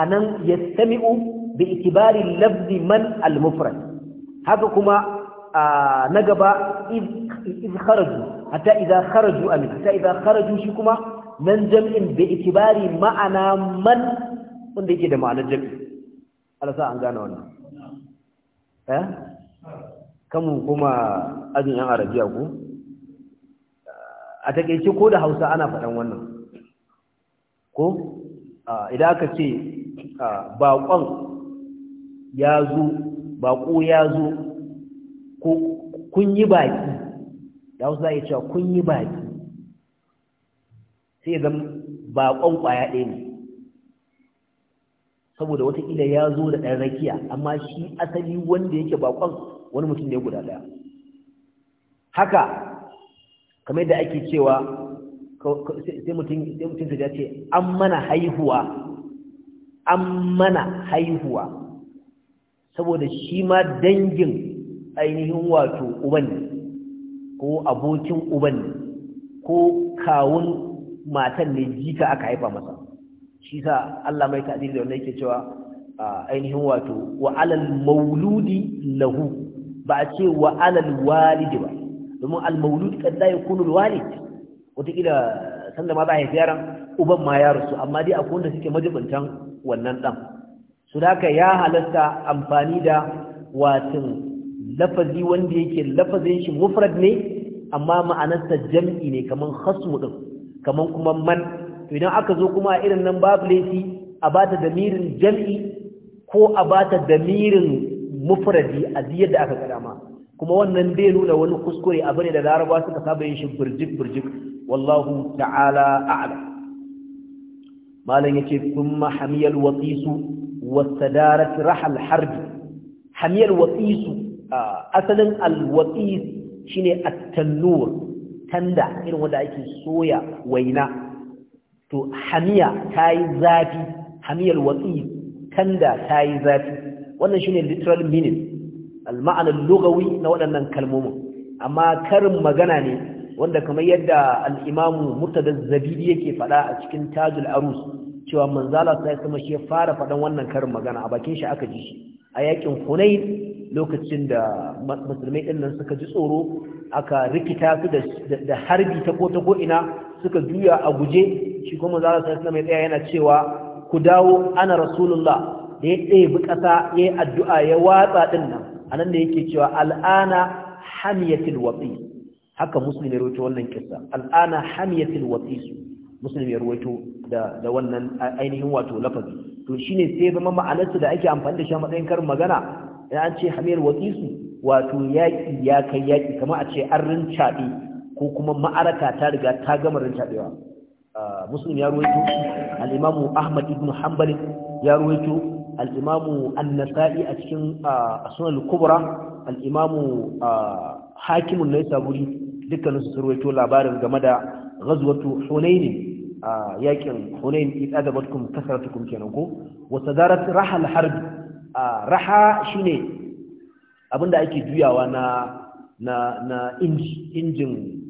anan yastami'u bi itibari lafzi man al-mufrad haka kuma na gaba iz kharaju hatta idza kharaju a hatta idza kharaju shi kuma nan jam'in bi itibari ma'ana man wanda yake da ma'anar jam'i Allah sa an gane wannan eh kamun kuma ajin yan arabiya ko a takeice ko da Hausa ana faɗan wannan ko idan aka ce baƙon ya zo baƙo ya zo kun yi baƙi da wasu za yi cewa kun yi baƙi sai zan baƙon ƙwaya ɗaya ne saboda watakila ya zo da ɗan rakiya amma shi asali wanda yake baƙon wani mutum ne guda ɗaya haka kamar da ake cewa sai mutum sai mutum ce an mana haihuwa an mana haihuwa saboda shi ma dangin ainihin wato uban ko abokin uban ko kawun matan ne jika aka haifa masa shi sa Allah mai ta'dil da wannan yake cewa ainihin wato wa alal mauludi lahu ba a ce wa alal walidi ba domin al mauludi kadai kunu al walid wataƙila sanda ma za a haifi yaran uban ma ya rasu amma dai akwai wanda suke majibintan wannan ɗan su da ya halasta amfani da watan lafazi wanda yake lafazin shi mufrad ne amma ma'anarsa jam'i ne kaman hasu ɗin kamar kuma man to idan aka zo kuma a irin nan babu laifi a ba bata damirin jam'i ko a ba bata damirin mufradi a ziyar da aka karama kuma wannan bai nuna wani kuskure abu ne da laraba suka saba yin shi burjik wallahu ta'ala a'la malam yace kuma hamiyal watisu wasadarat rahal harbi hamiyal watisu asalin alwatis shine at-tannur tanda irin wanda ake soya waina to hamiya tayi zafi hamiyal watis tanda tayi zafi wannan shine literal meaning al-ma'anar lugawi na waɗannan kalmomin amma karin magana ne wanda kamar yadda al'imamu imamu zabidi yake faɗa a cikin tajul arus cewa manzala sai kuma shi fara faɗan wannan karin magana a bakin shi aka ji shi a yakin kunai lokacin da musulmai ɗin nan suka ji tsoro aka rikita su da harbi ta ko ta ko ina suka juya a guje shi kuma manzala sai kuma mai tsaya yana cewa ku dawo ana rasulullah da ya ɗaya bi ƙasa ya yi addu'a ya watsa ɗin nan anan da yake cewa al'ana hamiyatil waqi haka muslim ya rawaito wannan kissa al'ana hamiyatil waqi muslim ya rawaito da da wannan ainihin wato lafazi to shine sai zama ma'anarsa da ake amfani da shi a matsayin karin magana ya an ce hamiyar waqi wato yaki ya kai yaki kamar a ce an rincabe ko kuma ma'araka ta riga ta gama rincabewa muslim ya rawaito al-imamu ahmad ibn hanbal ya rawaito al-imamu an-nasa'i a cikin sunan kubra al-imamu hakimun na saburi dukkanin su surwaito labarin game da ghazwatu hunayn yakin hunayn idadabatkum kasratukum kenan ko wa sadarat rahal harb raha shine abinda ake juyawa na injin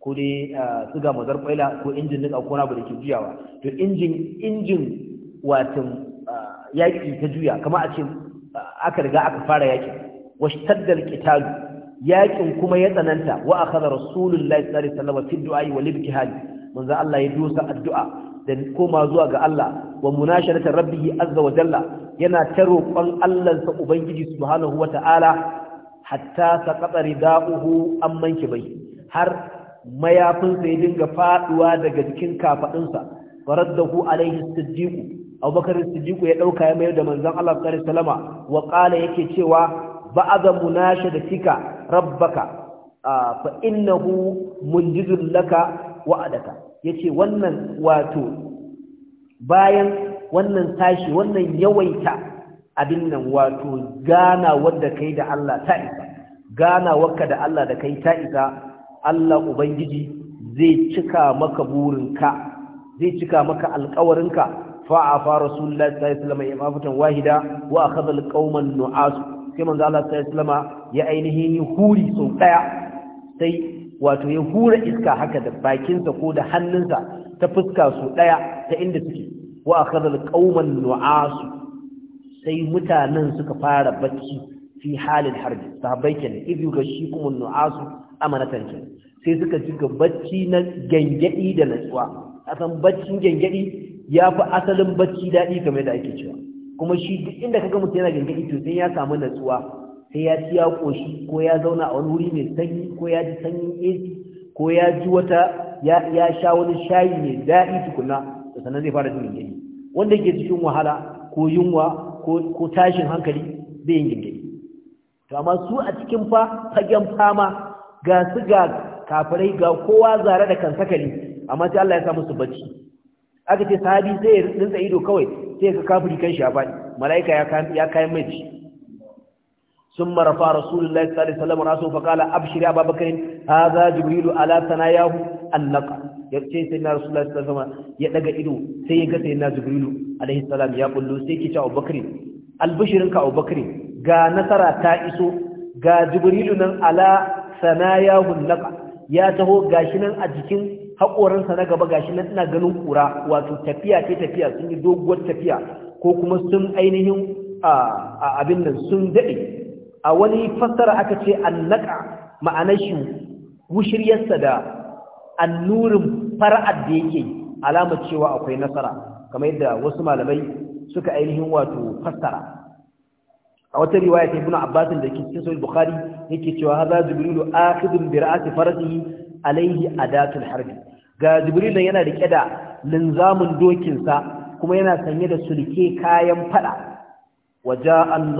ko dai mazar kwaila ko injin nika ko na da ke juyawa to injin injin yaƙi ta juya kama a ce aka riga aka fara yaƙin washtaddal ƙitalu yaƙin kuma ya tsananta wa akhadha rasulullahi sallallahu alaihi wasallam fi du'a wa manzo Allah ya dosa addu'a da koma zuwa ga Allah wa munasharata rabbih azza wa jalla yana ta roƙon allahnsa ubangiji subhanahu wa ta'ala hatta saqata ridahu manki kibai har mayafinsa ya dinga faduwa daga jikin kafadinsa faraddahu alaihi siddiqu abubakar siddiq ya dauka ya mayar da manzon Allah sallallahu alaihi wasallam wa qala yake cewa ba'adha munashadatika rabbaka fa innahu munjidul laka wa'adaka yace wannan wato bayan wannan tashi wannan yawaita abin nan wato gana wanda kai da Allah ta isa gana wakka da Allah da kai ta isa Allah ubangiji zai cika maka burinka zai cika maka alƙawarinka fa'afa rasulullahi sallallahu alaihi wasallam imafatan wahida wa akhadha alqauma nu'as sai manzo Allah sallallahu alaihi ya ainihi huri sau ɗaya. sai wato ya hura iska haka da bakinsa ko da hannunsa ta fuska su ɗaya ta inda suke wa akhadha alqauma nu'as sai mutanen suka fara bacci fi halin harbi sahabbai kenan idhu gashikum nu'asu amanatan kenan sai suka ji bacci na gangadi da natsuwa asan baccin gengedi ya fi asalin bacci daɗi kamar da ake cewa kuma shi duk inda ka ga mutum yana gengedi to sai ya samu natsuwa sai ya ci ya koshi ko ya zauna a wani wuri mai sanyi ko ya ji sanyin AC ko ya ji wata ya sha wani shayi mai daɗi tukuna da sannan zai fara jin gengedi wanda ke cikin wahala ko yunwa ko tashin hankali zai yin gengedi to amma su a cikin fa fagen fama ga su ga kafirai ga kowa zare da sakali. amma sai Allah ya sa musu bacci aka ce sahabi sai ya rinsa ido kawai sai ka kafiri kan shi a bani. mala'ika ya kayan mai shi. sun marafa rasulullahi sallallahu alaihi wasallam rasul fa qala abshir ya babakar hadha jibril ala sanayahu annaka ce sai na rasulullahi sallallahu alaihi wasallam ya daga ido sai ya ga sai na jibril alaihi salam ya kullu sai ki ta abubakar albishirin ka abubakar ga nasara ta iso ga jibril nan ala sanayahu annaka ya taho gashi nan a jikin haƙoransa na gaba gashi na ina ganin ƙura wato tafiya ce tafiya sun yi doguwar tafiya ko kuma sun ainihin a abin nan sun daɗe a wani fassara aka ce annaka ma'anar shi wushiryarsa da annurin fara'ad da yake alamar cewa akwai nasara kamar yadda wasu malamai suka ainihin wato fassara a wata riwaya ta ibn abbas da ke cikin sahih bukhari yake cewa hadha jibrilu akhidun bi ra'si farasihi alayhi adatul harbi ga jibrilu yana rike da linzamin dokinsa kuma yana sanye da sulke kayan fada waja an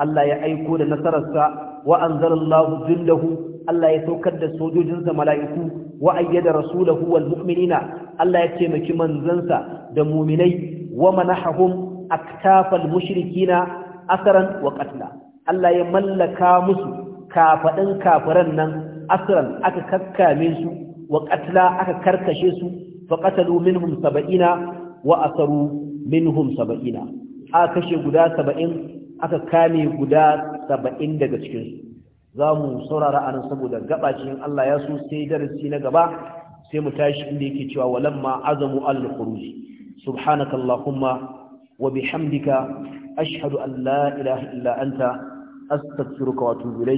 Allah ya aiko da nasararsa wa anzalallahu jillahu Allah ya saukar da sojojinsa mala'iku wa ayyada rasulahu wal mu'minina Allah ya taimaki manzansa da mu'minai wa manahahum aktafal mushrikina asaran wa qatla Allah ya mallaka musu kafadin kafiran nan asran aka kakkame su wa qatla aka karkashe su fa qatalu minhum 70 wa asaru minhum 70 aka kashe guda saba'in aka kame guda saba'in daga cikinsu. Za zamu saurara anan saboda cikin Allah ya so sai darasi na gaba sai mu tashi inda yake cewa walamma azamu al-khuruj subhanakallahumma wa bihamdika ashhadu an la ilaha illa anta astaghfiruka wa atubu